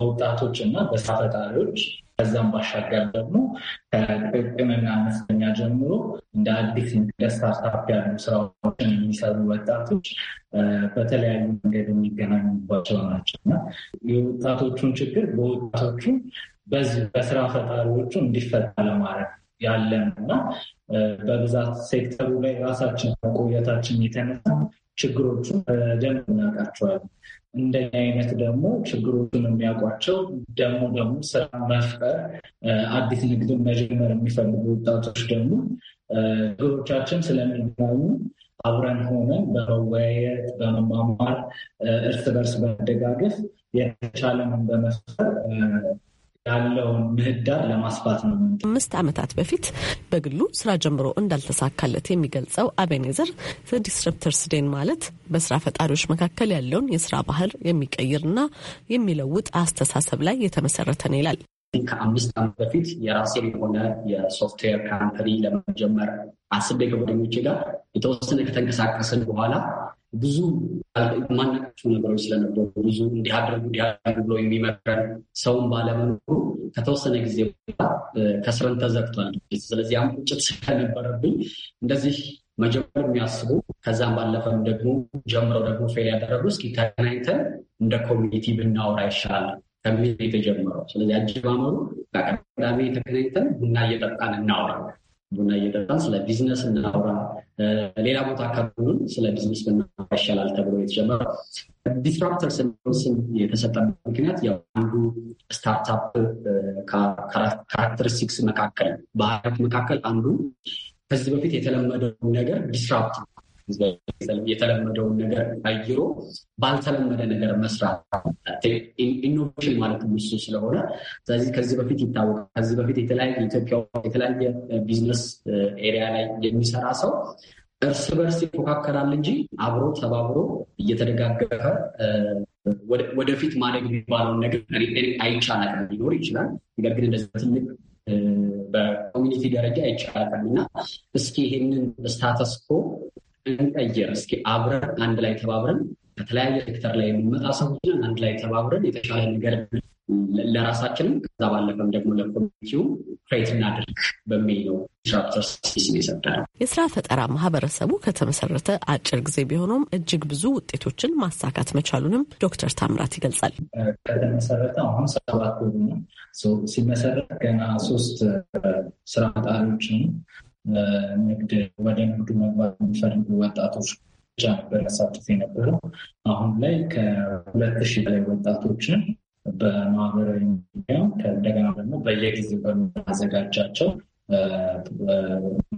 በወጣቶች እና በስራ ፈጣሪዎች ከዛም ባሻገር ደግሞ ከጥቃቅንና አነስተኛ ጀምሮ እንደ አዲስ እንደ ስታርታፕ ያሉ ስራዎችን የሚሰሩ ወጣቶች በተለያዩ መንገድ የሚገናኙባቸው ናቸው እና የወጣቶቹን ችግር በወጣቶቹ በስራ ፈጣሪዎቹ እንዲፈታ ለማድረግ ያለን እና በብዛት ሴክተሩ ላይ ራሳችን መቆየታችን የተነሳ ችግሮቹ በደንብ እናውቃቸዋለን። እንደዚህ አይነት ደግሞ ችግሮቹን የሚያውቋቸው ደግሞ ደግሞ ስራ መፍጠር አዲስ ንግድ መጀመር የሚፈልጉ ወጣቶች ደግሞ ችግሮቻችን ስለሚገኙ አብረን ሆነን በመወያየት በመማማር እርስ በርስ በመደጋገፍ የተቻለንን በመፍጠር ያለውን ምህዳር ለማስፋት ነው። አምስት ዓመታት በፊት በግሉ ስራ ጀምሮ እንዳልተሳካለት የሚገልጸው አቤኔዘር ዲስረፕተርስ ዴን ማለት በስራ ፈጣሪዎች መካከል ያለውን የስራ ባህል የሚቀይርና የሚለውጥ አስተሳሰብ ላይ የተመሰረተ ነው ይላል። ከአምስት ዓመት በፊት የራሴ የሆነ የሶፍትዌር ካምፓኒ ለመጀመር አስቤ ከጓደኞቼ ጋር የተወሰነ ከተንቀሳቀስን በኋላ ብዙ ማናቸው ነገሮች ስለነበሩ ብዙ እንዲያደርጉ እንዲያደርጉ ብሎ የሚመከር ሰውን ባለመኖሩ ከተወሰነ ጊዜ ከስረን ተዘግቷል። ስለዚህ አሁን ቁጭት ስለነበረብኝ እንደዚህ መጀመር የሚያስቡ ከዛም ባለፈም ደግሞ ጀምረው ደግሞ ፌል ያደረጉ እስኪ ተገናኝተን እንደ ኮሚኒቲ ብናወራ ይሻላል ከሚል የተጀመረው። ስለዚህ አጀማመሩ ቅዳሜ ተገናኝተን ቡና እየጠጣን እናወራለን። ቡና እየጠጣን ስለ ቢዝነስ እናውራ፣ ሌላ ቦታ ካሉን ስለ ቢዝነስ ብናወራ ይሻላል ተብሎ የተጀመረ ዲስራፕተር ስም የተሰጠበት ምክንያት ያው አንዱ ስታርታፕ ካራክተሪስቲክስ መካከል ባህሪያት መካከል አንዱ ከዚህ በፊት የተለመደውን ነገር ዲስራፕት የተለመደውን ነገር አይሮ ባልተለመደ ነገር መስራት ኢኖቬሽን ማለት ምሱ ስለሆነ ስለዚህ ከዚህ በፊት ይታወቃል። ከዚህ በፊት የተለያየ ኢትዮጵያ የተለያየ ቢዝነስ ኤሪያ ላይ የሚሰራ ሰው እርስ በርስ ይፎካከራል እንጂ አብሮ ተባብሮ እየተደጋገፈ ወደፊት ማደግ የሚባለውን ነገር አይቻላል። ሊኖር ይችላል፣ ነገር ግን እንደዚህ ትልቅ በኮሚኒቲ ደረጃ አይቻላል እና እስኪ ይሄንን ስታተስኮ እንቀይር እስኪ አብረን አንድ ላይ ተባብረን ከተለያየ ሴክተር ላይ የምንመጣ ሰዎችን አንድ ላይ ተባብረን የተሻለ ነገር ለራሳችንም ከዛ ባለፈም ደግሞ ለኮሚኒቲው ክሬት እናድርግ በሚል ነው። የስራ ፈጠራ ማህበረሰቡ ከተመሰረተ አጭር ጊዜ ቢሆኖም እጅግ ብዙ ውጤቶችን ማሳካት መቻሉንም ዶክተር ታምራት ይገልጻል። ከተመሰረተ አሁን ሰባት ሲመሰረት ገና ሶስት ስራ ፈጣሪዎችን ንግድ ወደ ንግዱ መግባት የሚፈልጉ ወጣቶች ብቻ ነበር ያሳትፍ የነበረው። አሁን ላይ ከሁለት ሺህ በላይ ወጣቶችን በማህበራዊ ሚዲያ ከእንደገና ደግሞ በየጊዜው በምናዘጋጃቸው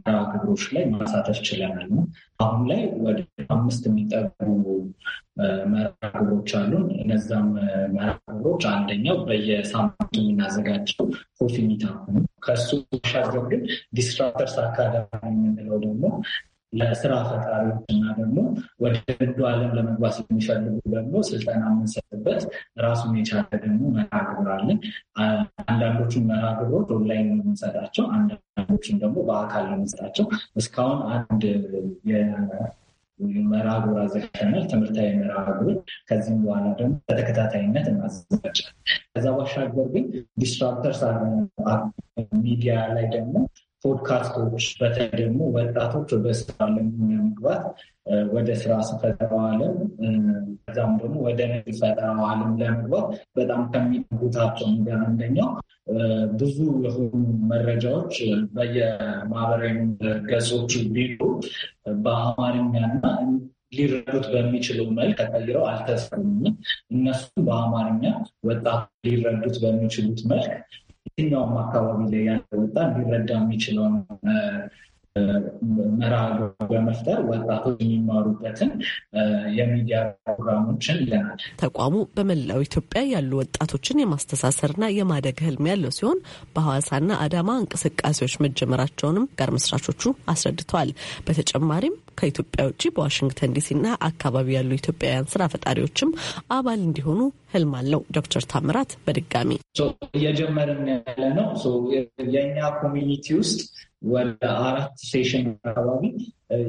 መርሃ ግብሮች ላይ ማሳተፍ ችለናል። ነው። አሁን ላይ ወደ አምስት የሚጠጉ መርሃ ግብሮች አሉን። እነዛም መርሃ ግብሮች አንደኛው በየሳምንቱ የምናዘጋጀው ኮፊ ሚታ ነው። ከሱ ሻገር ግን ዲስትራክተርስ አካዳሚ የምንለው ደግሞ ለስራ ፈጣሪዎች እና ደግሞ ወደ ንግዱ ዓለም ለመግባት የሚፈልጉ ደግሞ ስልጠና የምንሰጥበት ራሱን የቻለ ደግሞ መርሃ አለን። አንዳንዶቹን መርሃ ግብሮች ኦንላይን የምንሰጣቸው፣ አንዳንዶቹን ደግሞ በአካል የምንሰጣቸው። እስካሁን አንድ መርሃ ግብር አዘጋጅተናል፣ ትምህርታዊ መርሃ ከዚህም በኋላ ደግሞ በተከታታይነት እናዘጋጃለን። ከዛ ባሻገር ግን ዲስራፕተርስ ሚዲያ ላይ ደግሞ ፖድካስቶች በተለይ ደግሞ ወጣቶች ወደ ስራ ዓለም ለመግባት ወደ ስራ ስፈጠረው ዓለም ከዛም ደግሞ ወደ ንግድ ፈጠረው ዓለም ለመግባት በጣም ከሚጉታቸው ነገር አንደኛው ብዙ የሆኑ መረጃዎች በየማህበራዊ ገጾች ቢሉ በአማርኛና ሊረዱት በሚችለው መልክ ተቀይረው አልተሰሩም። እነሱም በአማርኛ ወጣት ሊረዱት በሚችሉት መልክ የትኛውም አካባቢ ላይ ያለ ወጣት ሊረዳ የሚችለውን መርሃ በመፍጠር ወጣቶች የሚማሩበትን የሚዲያ ፕሮግራሞችን ይለናል። ተቋሙ በመላው ኢትዮጵያ ያሉ ወጣቶችን የማስተሳሰርና የማደግ ህልም ያለው ሲሆን በሐዋሳና አዳማ እንቅስቃሴዎች መጀመራቸውንም ጋር መስራቾቹ አስረድተዋል። በተጨማሪም ከኢትዮጵያ ውጭ በዋሽንግተን ዲሲና አካባቢ ያሉ ኢትዮጵያውያን ስራ ፈጣሪዎችም አባል እንዲሆኑ ህልም አለው። ዶክተር ታምራት በድጋሚ እየጀመርን ያለ ነው የእኛ ኮሚኒቲ ውስጥ ወደ አራት ሴሽን አካባቢ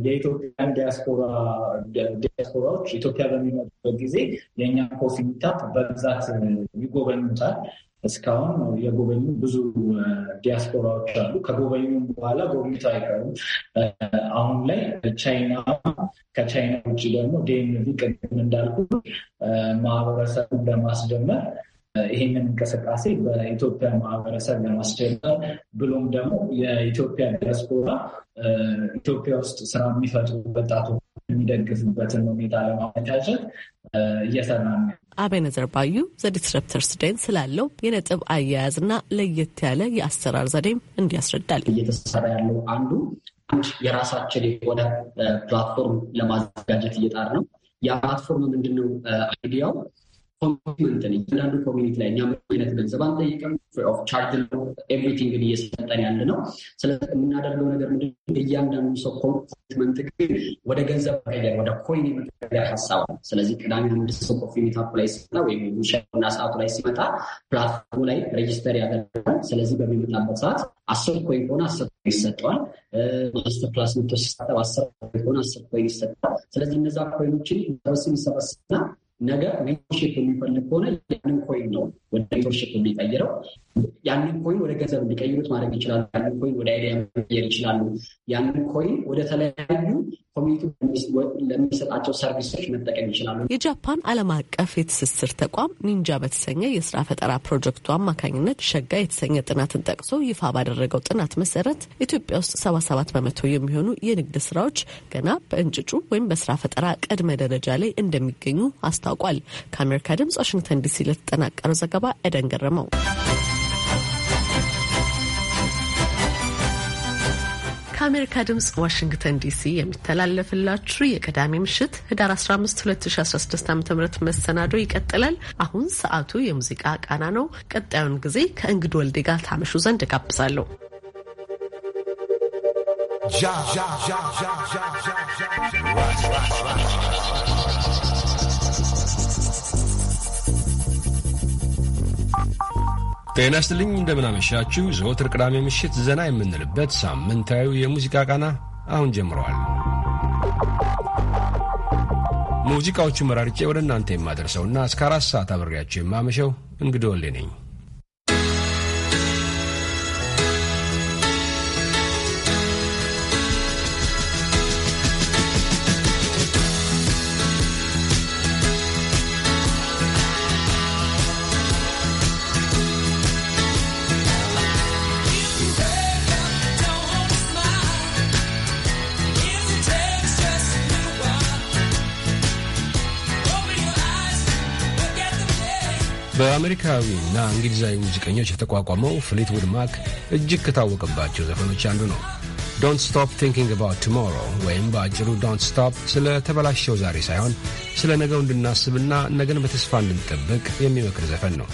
የኢትዮጵያን ዲያስፖራዎች ኢትዮጵያ በሚመጡበት ጊዜ የእኛ ኮፊ ሚታፕ በብዛት ይጎበኙታል። እስካሁን የጎበኙ ብዙ ዲያስፖራዎች አሉ። ከጎበኙም በኋላ ጎብኝተው አይቀሩ አሁን ላይ ቻይና፣ ከቻይና ውጭ ደግሞ ዴንቪ ቅድም እንዳልኩ ማህበረሰቡን ለማስደመር ይህንን እንቅስቃሴ በኢትዮጵያ ማህበረሰብ ለማስጀመር ብሎም ደግሞ የኢትዮጵያ ዲያስፖራ ኢትዮጵያ ውስጥ ስራ የሚፈጥሩ ወጣቶች የሚደግፍበትን ሁኔታ ለማመቻቸት እየሰራ ነው። አቤነዘር ባዩ ዘዲስረፕተርስ ስደን ስላለው የነጥብ አያያዝና ለየት ያለ የአሰራር ዘዴም እንዲያስረዳል። እየተሰራ ያለው አንዱ አንድ የራሳችን የሆነ ፕላትፎርም ለማዘጋጀት እየጣር ነው። የፕላትፎርም ምንድነው አይዲያው ኮሚትመንት እያንዳንዱ ኮሚኒቲ ላይ እኛ ምንም አይነት ገንዘብ አንጠይቅም። ፍሪ ኦፍ ቻርጅ ነው ኤቭሪቲንግን እየሰጠን ያለ ነው። ስለዚህ የምናደርገው ነገር ምንድን እያንዳንዱ ሰው ኮሚትመንት ግን ወደ ገንዘብ መቀየር ወደ ኮይን የመቀየር ሀሳብ ነው። ስለዚህ ቅዳሜ አንድ ሰው ኮፊ ሚታፕ ላይ ሲመጣ ወይም ሸና ሰዓቱ ላይ ሲመጣ ፕላትፎርሙ ላይ ሬጅስተር ያደርጋል። ስለዚህ በሚመጣበት ሰዓት አስር ኮይን ከሆነ አስር ኮይን ይሰጠዋል። ማስተር ክላስ መቶ ሲሳተፍ አስር ኮይን ከሆነ አስር ኮይን ይሰጠዋል። ስለዚህ እነዛ ኮይኖችን ሰበስብ ይሰበስብና ነገ ሜንቶርሺፕ የሚፈልግ ከሆነ ያንን ኮይን ነው ወደ ሜንቶርሺፕ የሚቀይረው። ያንን ኮይን ወደ ገንዘብ እንዲቀይሩት ማድረግ ይችላሉ። ያንን ኮይን ወደ አይዲያ መቀየር ይችላሉ። ያንን ኮይን ወደ ተለያዩ ኮሚኒቲ ለሚሰጣቸው ሰርቪሶች መጠቀም ይችላሉ። የጃፓን ዓለም አቀፍ የትስስር ተቋም ኒንጃ በተሰኘ የስራ ፈጠራ ፕሮጀክቱ አማካኝነት ሸጋ የተሰኘ ጥናትን ጠቅሶ ይፋ ባደረገው ጥናት መሰረት ኢትዮጵያ ውስጥ 77 በመቶ የሚሆኑ የንግድ ስራዎች ገና በእንጭጩ ወይም በስራ ፈጠራ ቅድመ ደረጃ ላይ እንደሚገኙ አስታውቋል። ከአሜሪካ ድምጽ ዋሽንግተን ዲሲ ለተጠናቀረው ዘገባ ኤደን ገረመው። ከአሜሪካ ድምፅ ዋሽንግተን ዲሲ የሚተላለፍላችሁ የቅዳሜ ምሽት ህዳር 15 2016 ዓ ም መሰናዶ ይቀጥላል። አሁን ሰዓቱ የሙዚቃ ቃና ነው። ቀጣዩን ጊዜ ከእንግድ ወልዴ ጋር ታመሹ ዘንድ እጋብዛለሁ። ጤና ይስጥልኝ እንደምናመሻችሁ። ዘወትር ቅዳሜ ምሽት ዘና የምንልበት ሳምንታዊ የሙዚቃ ቃና አሁን ጀምረዋል። ሙዚቃዎቹ መራርጬ ወደ እናንተ የማደርሰውና እስከ አራት ሰዓት አብሬያቸው የማመሸው እንግዶ ወሌ ነኝ። በአሜሪካዊና እንግሊዛዊ ሙዚቀኞች የተቋቋመው ፍሊትውድ ማክ እጅግ ከታወቀባቸው ዘፈኖች አንዱ ነው። ዶንት ስቶፕ ቲንኪንግ አባውት ቱሞሮ ወይም በአጭሩ ዶንት ስቶፕ ስለ ተበላሸው ዛሬ ሳይሆን ስለ ነገው እንድናስብና ነገን በተስፋ እንድንጠብቅ የሚመክር ዘፈን ነው።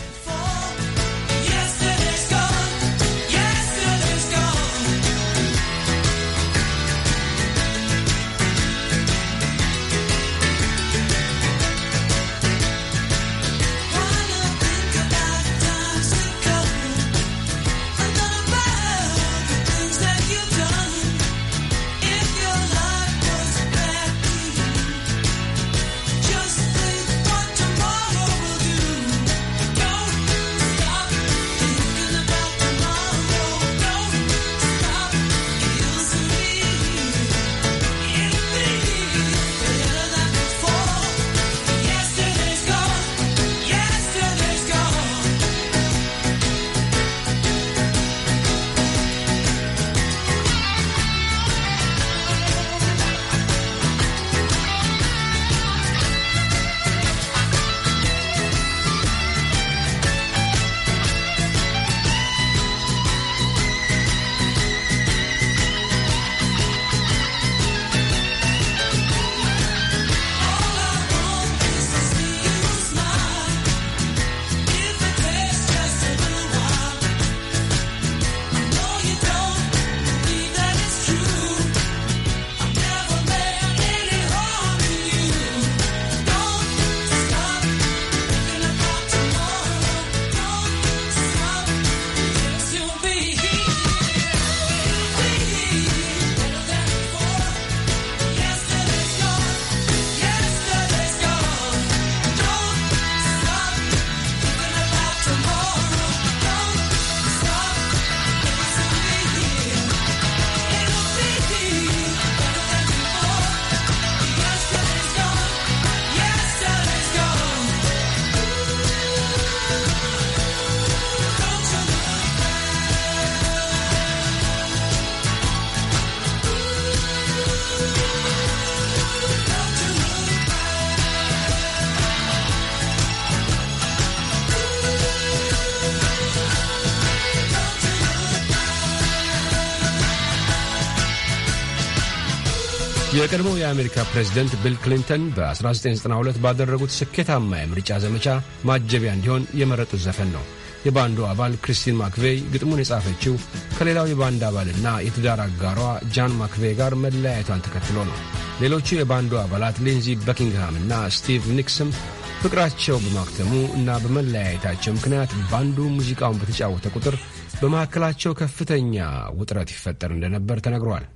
የቀድሞው የአሜሪካ ፕሬዚደንት ቢል ክሊንተን በ1992 ባደረጉት ስኬታማ የምርጫ ዘመቻ ማጀቢያ እንዲሆን የመረጡት ዘፈን ነው። የባንዱ አባል ክሪስቲን ማክቬይ ግጥሙን የጻፈችው ከሌላው የባንድ አባልና የትዳር አጋሯ ጃን ማክቬይ ጋር መለያየቷን ተከትሎ ነው። ሌሎቹ የባንዱ አባላት ሊንዚ በኪንግሃም እና ስቲቭ ኒክስም ፍቅራቸው በማክተሙ እና በመለያየታቸው ምክንያት ባንዱ ሙዚቃውን በተጫወተ ቁጥር በመካከላቸው ከፍተኛ ውጥረት ይፈጠር እንደነበር ተነግሯል።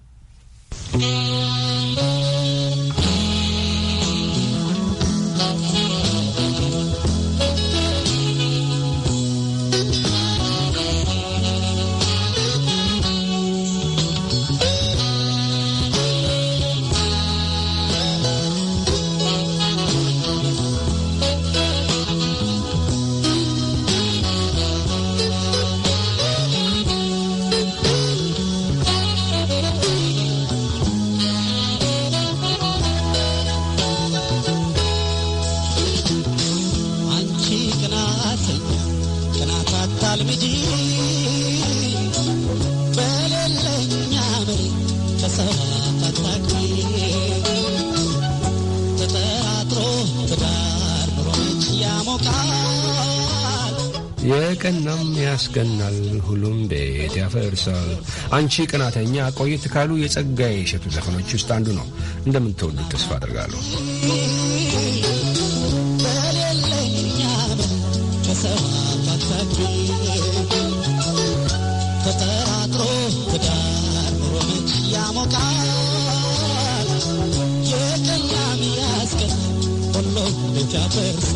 Thank you. ያስገናል፣ ሁሉም ቤት ያፈርሳል። አንቺ ቅናተኛ ቆየት ካሉ የጸጋዬ እሸቱ ዘፈኖች ውስጥ አንዱ ነው። እንደምትወዱት ተስፋ አድርጋለሁ። We're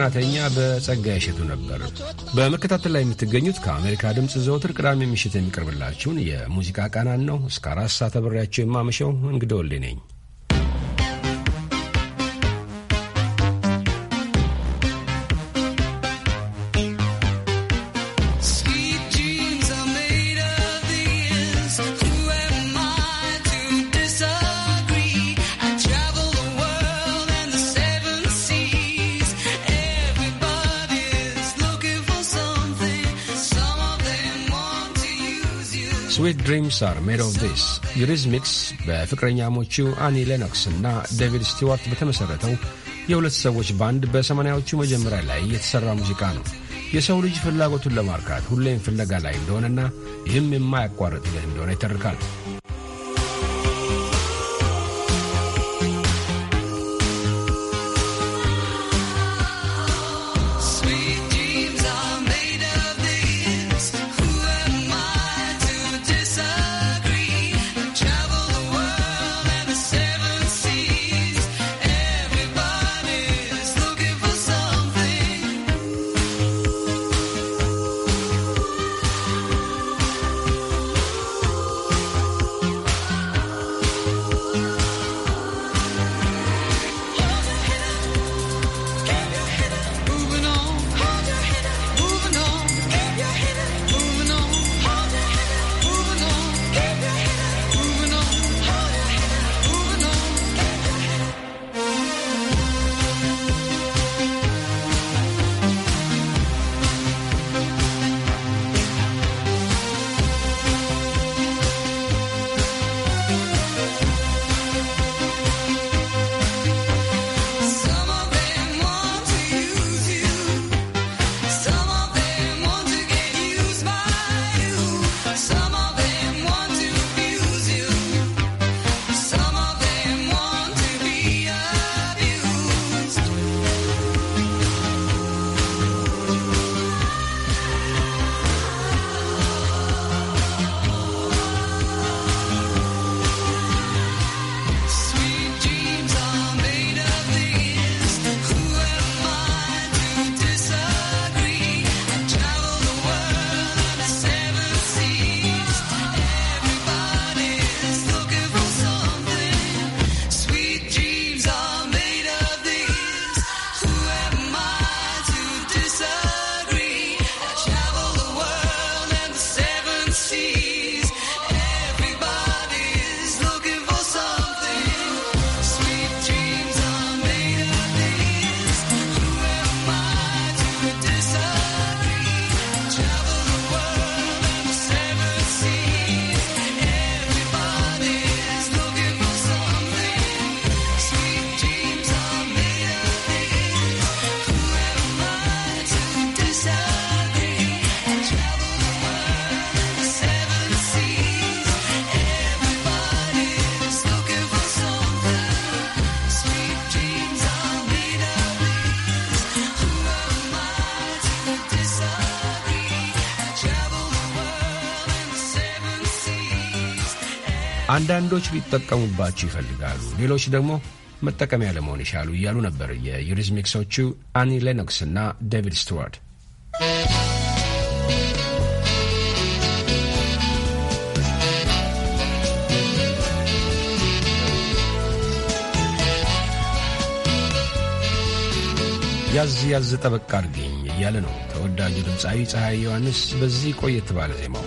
ጥናተኛ በጸጋ ይሸቱ ነበር። በመከታተል ላይ የምትገኙት ከአሜሪካ ድምፅ ዘወትር ቅዳሜ ምሽት የሚቀርብላችሁን የሙዚቃ ቃናን ነው። እስከ አራት ሰዓት አብሬያቸው የማመሸው እንግዳ ወልዴ ነኝ። ድሪምስ አር ሜድ ኦፍ ዲስ የሪዝሚክስ በፍቅረኛሞቹ አኒ ሌኖክስ እና ዴቪድ ስቲዋርት በተመሠረተው የሁለት ሰዎች ባንድ በሰማንያዎቹ መጀመሪያ ላይ የተሠራ ሙዚቃ ነው። የሰው ልጅ ፍላጎቱን ለማርካት ሁሌም ፍለጋ ላይ እንደሆነና ይህም የማያቋርጥ ሂደት እንደሆነ ይተርካል። አንዳንዶች ሊጠቀሙባቸው ይፈልጋሉ፣ ሌሎች ደግሞ መጠቀሚያ ለመሆን ይሻሉ እያሉ ነበር የዩሪዝሚክሶቹ አኒ ሌኖክስ እና ዴቪድ ስቱዋርድ። ያዝ ያዝ ጠበቅ አድርገኝ እያለ ነው ተወዳጁ ድምፃዊ ፀሐይ ዮሐንስ በዚህ ቆየት ባለ ዜማው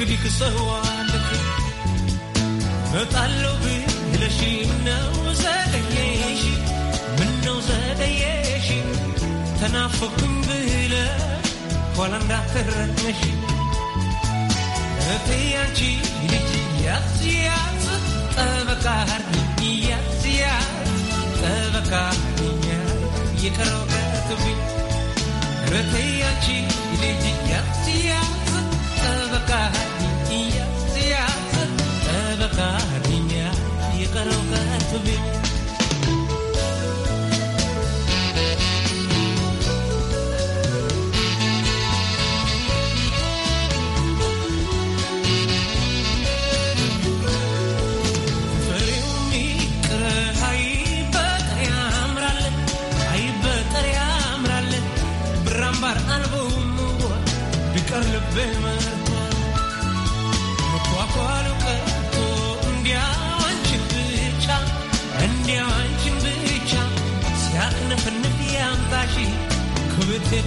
ግሪክ ሰዋለፊ እመጣለሁ ብለሽ ነው ዘገየሽ፣ ምነው ዘገየሽ ተናፈኩኝ ብለ ኋላ እንዳትረግመሽ እትያንቺ ልጅ ያዝ ጠበቃ አድርጊ ያዝ ጠበቃ አድርጊ የቀረው ቀረትብኝ እትያንቺ ልጅ ያዝ ያዝ ጠበቃ Carminha e Carol Carto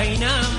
وينام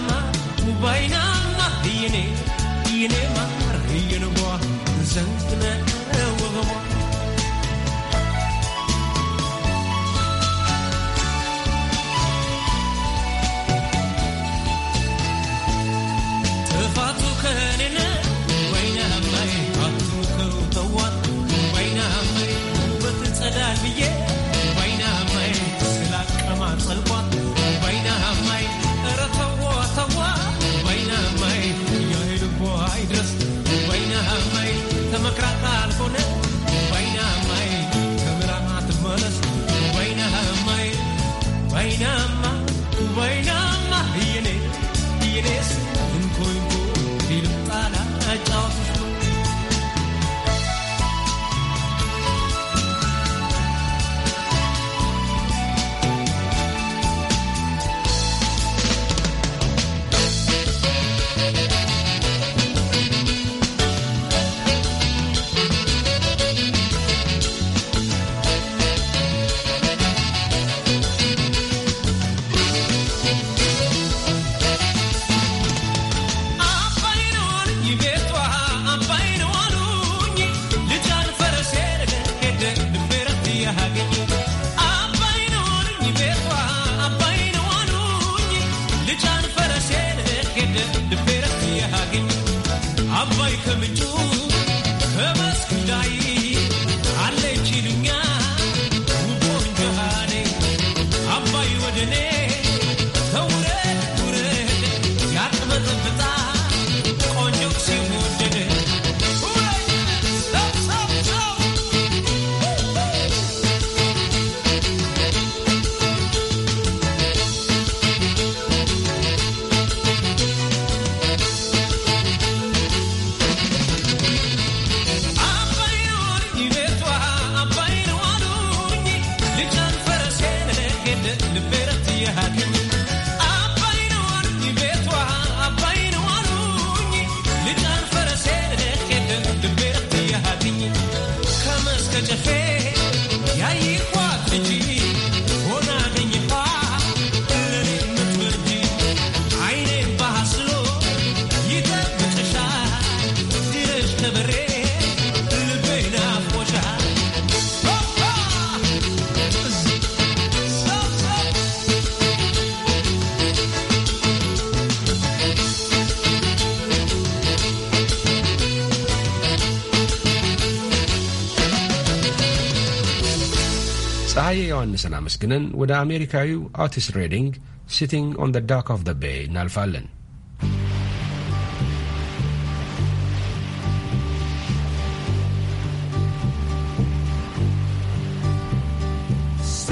ዮሐንስን አመስግነን ወደ አሜሪካዊው ኦቲስ ሬዲንግ ሲቲንግ ኦን ደ ዳክ ኦፍ ደ ቤይ እናልፋለን።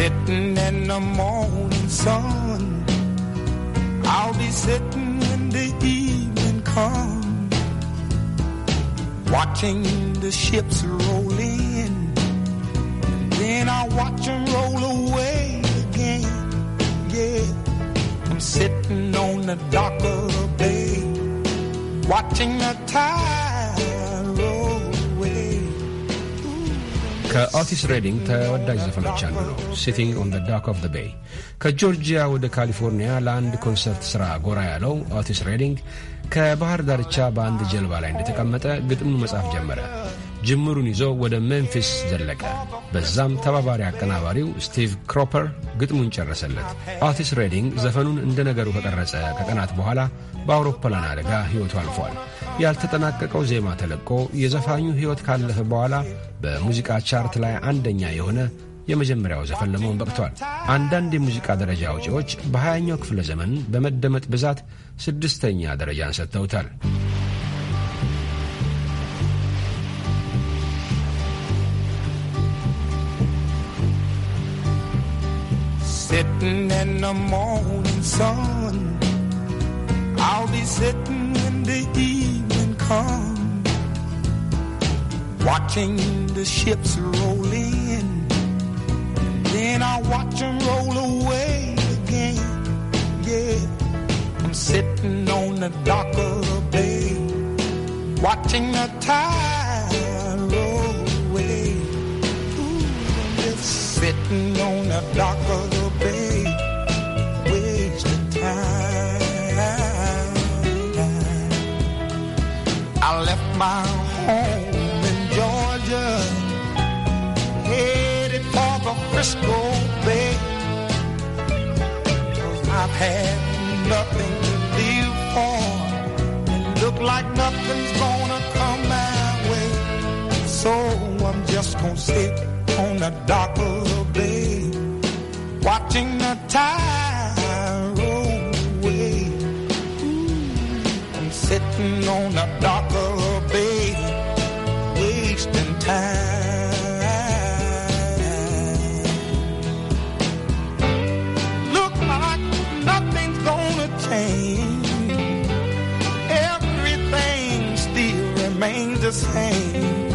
Sitting in the morning sun, I'll be sitting when the evening comes, watching the ships roll in. Then I watch them sitting on the dock of the bay, watching the tide roll away. ከኦቲስ ሬዲንግ ተወዳጅ ዘፈኖች አንዱ ነው ሲቲንግ ኦን ደ ዳክ ኦፍ ደ ቤይ። ከጆርጂያ ወደ ካሊፎርኒያ ለአንድ ኮንሰርት ሥራ ጎራ ያለው ኦቲስ ሬዲንግ ከባህር ዳርቻ በአንድ ጀልባ ላይ እንደተቀመጠ ግጥም መጻፍ ጀመረ። ጅምሩን ይዞ ወደ ሜምፊስ ዘለቀ። በዛም ተባባሪ አቀናባሪው ስቲቭ ክሮፐር ግጥሙን ጨረሰለት። ኦቲስ ሬዲንግ ዘፈኑን እንደ ነገሩ ከቀረጸ ከቀናት በኋላ በአውሮፕላን አደጋ ሕይወቱ አልፏል። ያልተጠናቀቀው ዜማ ተለቆ የዘፋኙ ሕይወት ካለፈ በኋላ በሙዚቃ ቻርት ላይ አንደኛ የሆነ የመጀመሪያው ዘፈን ለመሆን በቅቷል። አንዳንድ የሙዚቃ ደረጃ አውጪዎች በ20ኛው ክፍለ ዘመን በመደመጥ ብዛት ስድስተኛ ደረጃን ሰጥተውታል። sitting in the morning sun. I'll be sitting when the evening comes, watching the ships roll in. Then I watch them roll away again. Yeah, I'm sitting on the dock of the bay, watching the tide roll away. Ooh, I'm just sitting on the dock of the my home in Georgia, headed for the Frisco Bay. Cause I've had nothing to live for, and look like nothing's gonna come my way. So I'm just gonna sit on the dock of the bay, watching the tide. the same.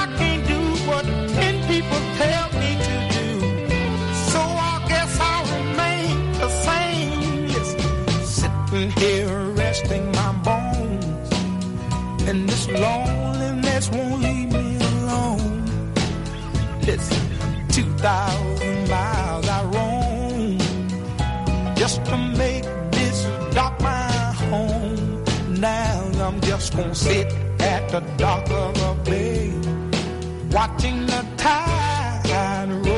I can't do what ten people tell me to do, so I guess I'll remain the same. Yes, sitting here resting my bones, and this loneliness won't leave me alone. Listen, two thousand miles I roam just to make this dark my home. Now I'm just gonna sit Dock of a bay, watching the tide roll.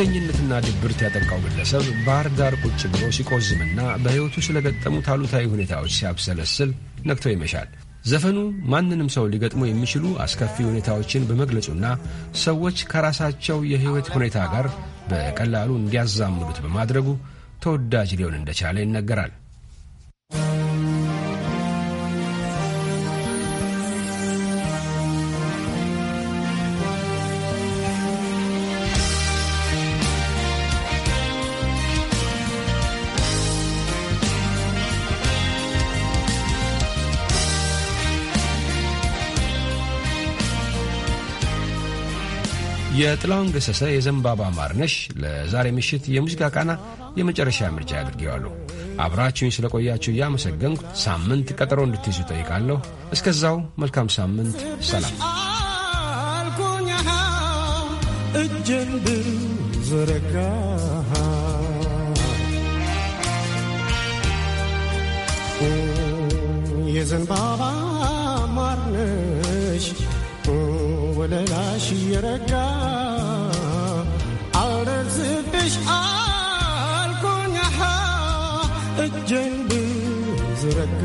ብቸኝነትና ድብርት ያጠቃው ግለሰብ ባህር ዳር ቁጭ ብሎ ሲቆዝምና በሕይወቱ ስለገጠሙት አሉታዊ ሁኔታዎች ሲያብሰለስል ነግቶ ይመሻል። ዘፈኑ ማንንም ሰው ሊገጥሙ የሚችሉ አስከፊ ሁኔታዎችን በመግለጹና ሰዎች ከራሳቸው የሕይወት ሁኔታ ጋር በቀላሉ እንዲያዛምዱት በማድረጉ ተወዳጅ ሊሆን እንደቻለ ይነገራል። የጥላውን ገሰሰ የዘንባባ ማርነሽ ለዛሬ ምሽት የሙዚቃ ቃና የመጨረሻ ምርጫ አድርጌዋለሁ። አብራችሁኝ ስለቆያችሁ እያመሰገንኩ ሳምንት ቀጠሮ እንድትይዙ ጠይቃለሁ። እስከዛው መልካም ሳምንት፣ ሰላም። እጄን ብዘረጋ የዘንባባ ወለላሽ እየረጋ አረዝብሽ አልኩኛሃ እጄን ብዝረጋ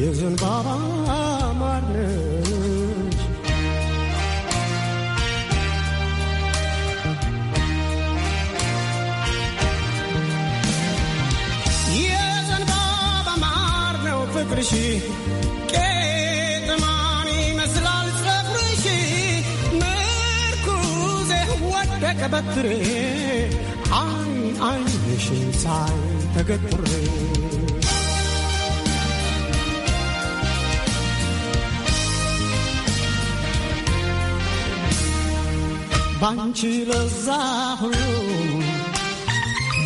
የዘንባባ ፍቅርሽን ሳይ ተገትሬ ባንቺ ለዛ ሁሉ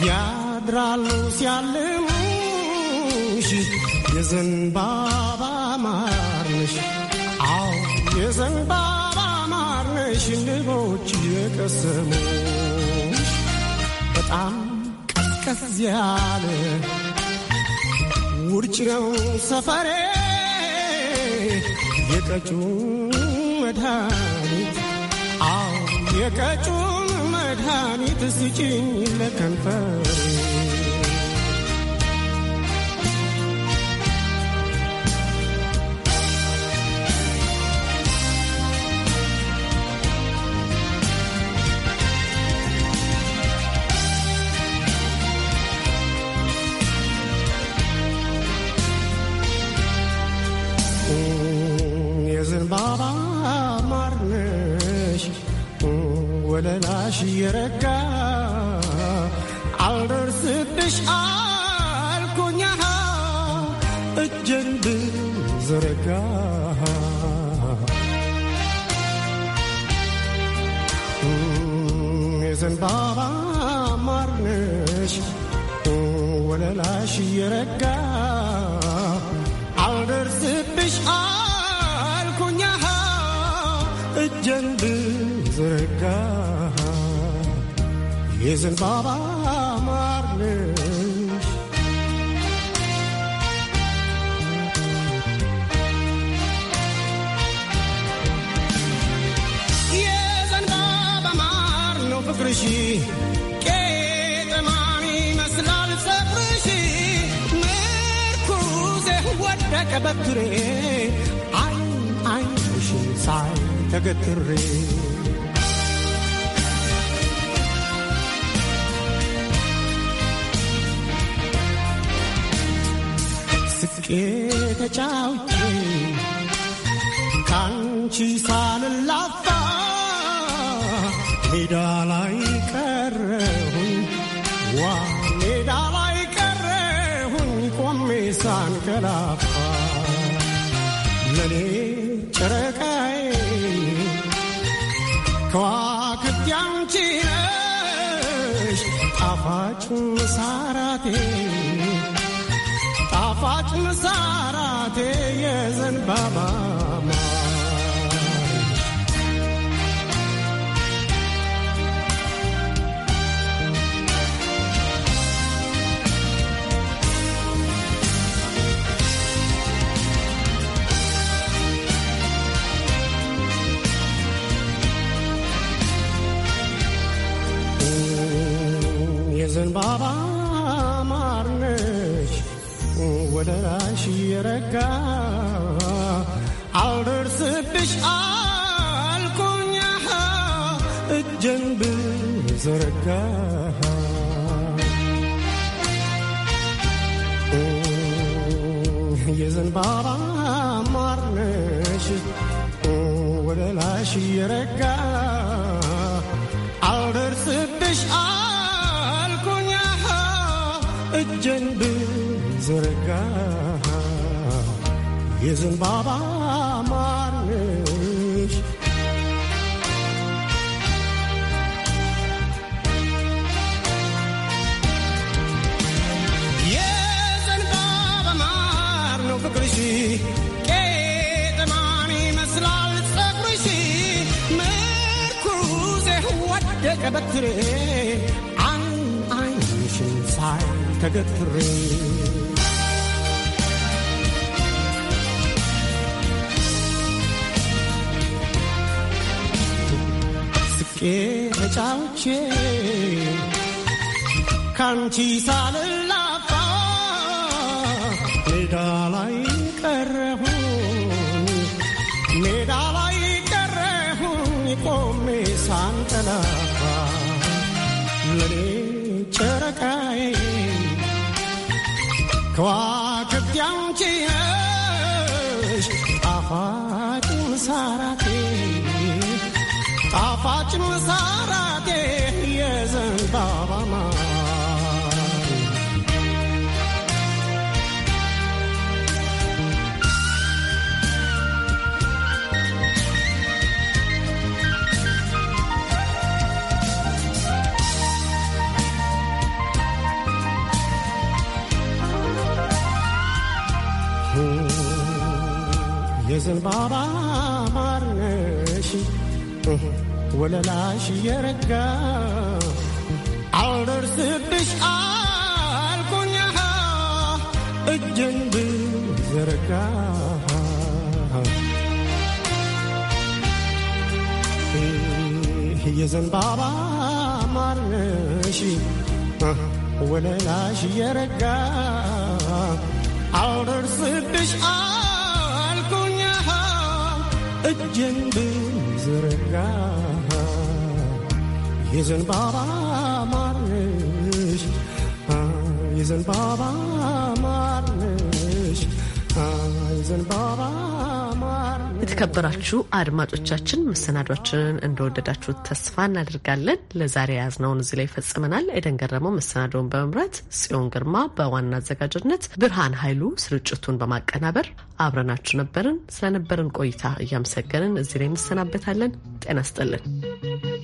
ያድራሉ ሲያልሙሽ የዘንባባ ማርነሽ አዎ የዘንባባ ማርነሽ ንቦች የቀሰሙሽ በጣም ቀዝቀዝ ያለ ውርጭ ነው ሰፈሬ የቀጩ መድኃኒት አዎ የቀጩን መድኃኒት ስጭኝ ለከንፈሬ እየረጋ አልደርስብሽ አልኩኛ እጀን ብዘረጋ የዘንባባ ማርነ ቀበትሬ አይን አይንሽን ሳይ ተገትሬ ስቄ ተጫውቼ ካንቺ ሳልላፋ ሜዳ ላይ ቀረሁኝ ዋ ሜዳ ላይ ቀረሁኝ ቆሜ ሳንገላፋ ጨረቃዬ ከዋክብት ያንቺ ነሽ ጣፋጭ ምሳራቴ ጣፋጭ ምሳራቴ የዘንባባ ዘንባባ ወደ ላሽ የረጋ አልደርስብሽ አልኩኛ እጀን ብዘረጋ የዘንባባ ማርነች ወደ ላሽ የረጋ زرقاء يزن بابا مارنش يزن بابا مارنو فكرشي كبتري عن عيش صعب تقتري ተጫውቼ ካንቺ ሳልላፋ ሜዳ ላይ ቀረሁኝ ሜዳ ላይ ቀረሁኝ ቆሜ ሳንጠላፋ ለኔ ጨረቃዬ ከዋክብት ያንቺ ነሽ ጣፋጩን ሳራት ጣፋጭ መሳራቴ የዘንባባ ማር የዘንባባ ማር ነሽ ወለላሽ እየረጋ አልደርስብሽ አልኩኝ እጅን ብዘረጋ የዘንባባ ማርነሽ ወለላሽ እየረጋ አልደርስብሽ አልኩኝ እጅን ብዘረጋ የዘንባባ ማርነሽ የዘንባባ ማርነሽ የዘንባባ የተከበራችሁ አድማጮቻችን መሰናዷችንን እንደወደዳችሁት ተስፋ እናደርጋለን። ለዛሬ የያዝነውን እዚህ ላይ ይፈጽመናል። ኤደን ገረመው መሰናዶውን በመምራት ጽዮን ግርማ በዋና አዘጋጅነት፣ ብርሃን ኃይሉ ስርጭቱን በማቀናበር አብረናችሁ ነበርን። ስለነበርን ቆይታ እያመሰገንን እዚህ ላይ እንሰናበታለን። ጤና ይስጥልን።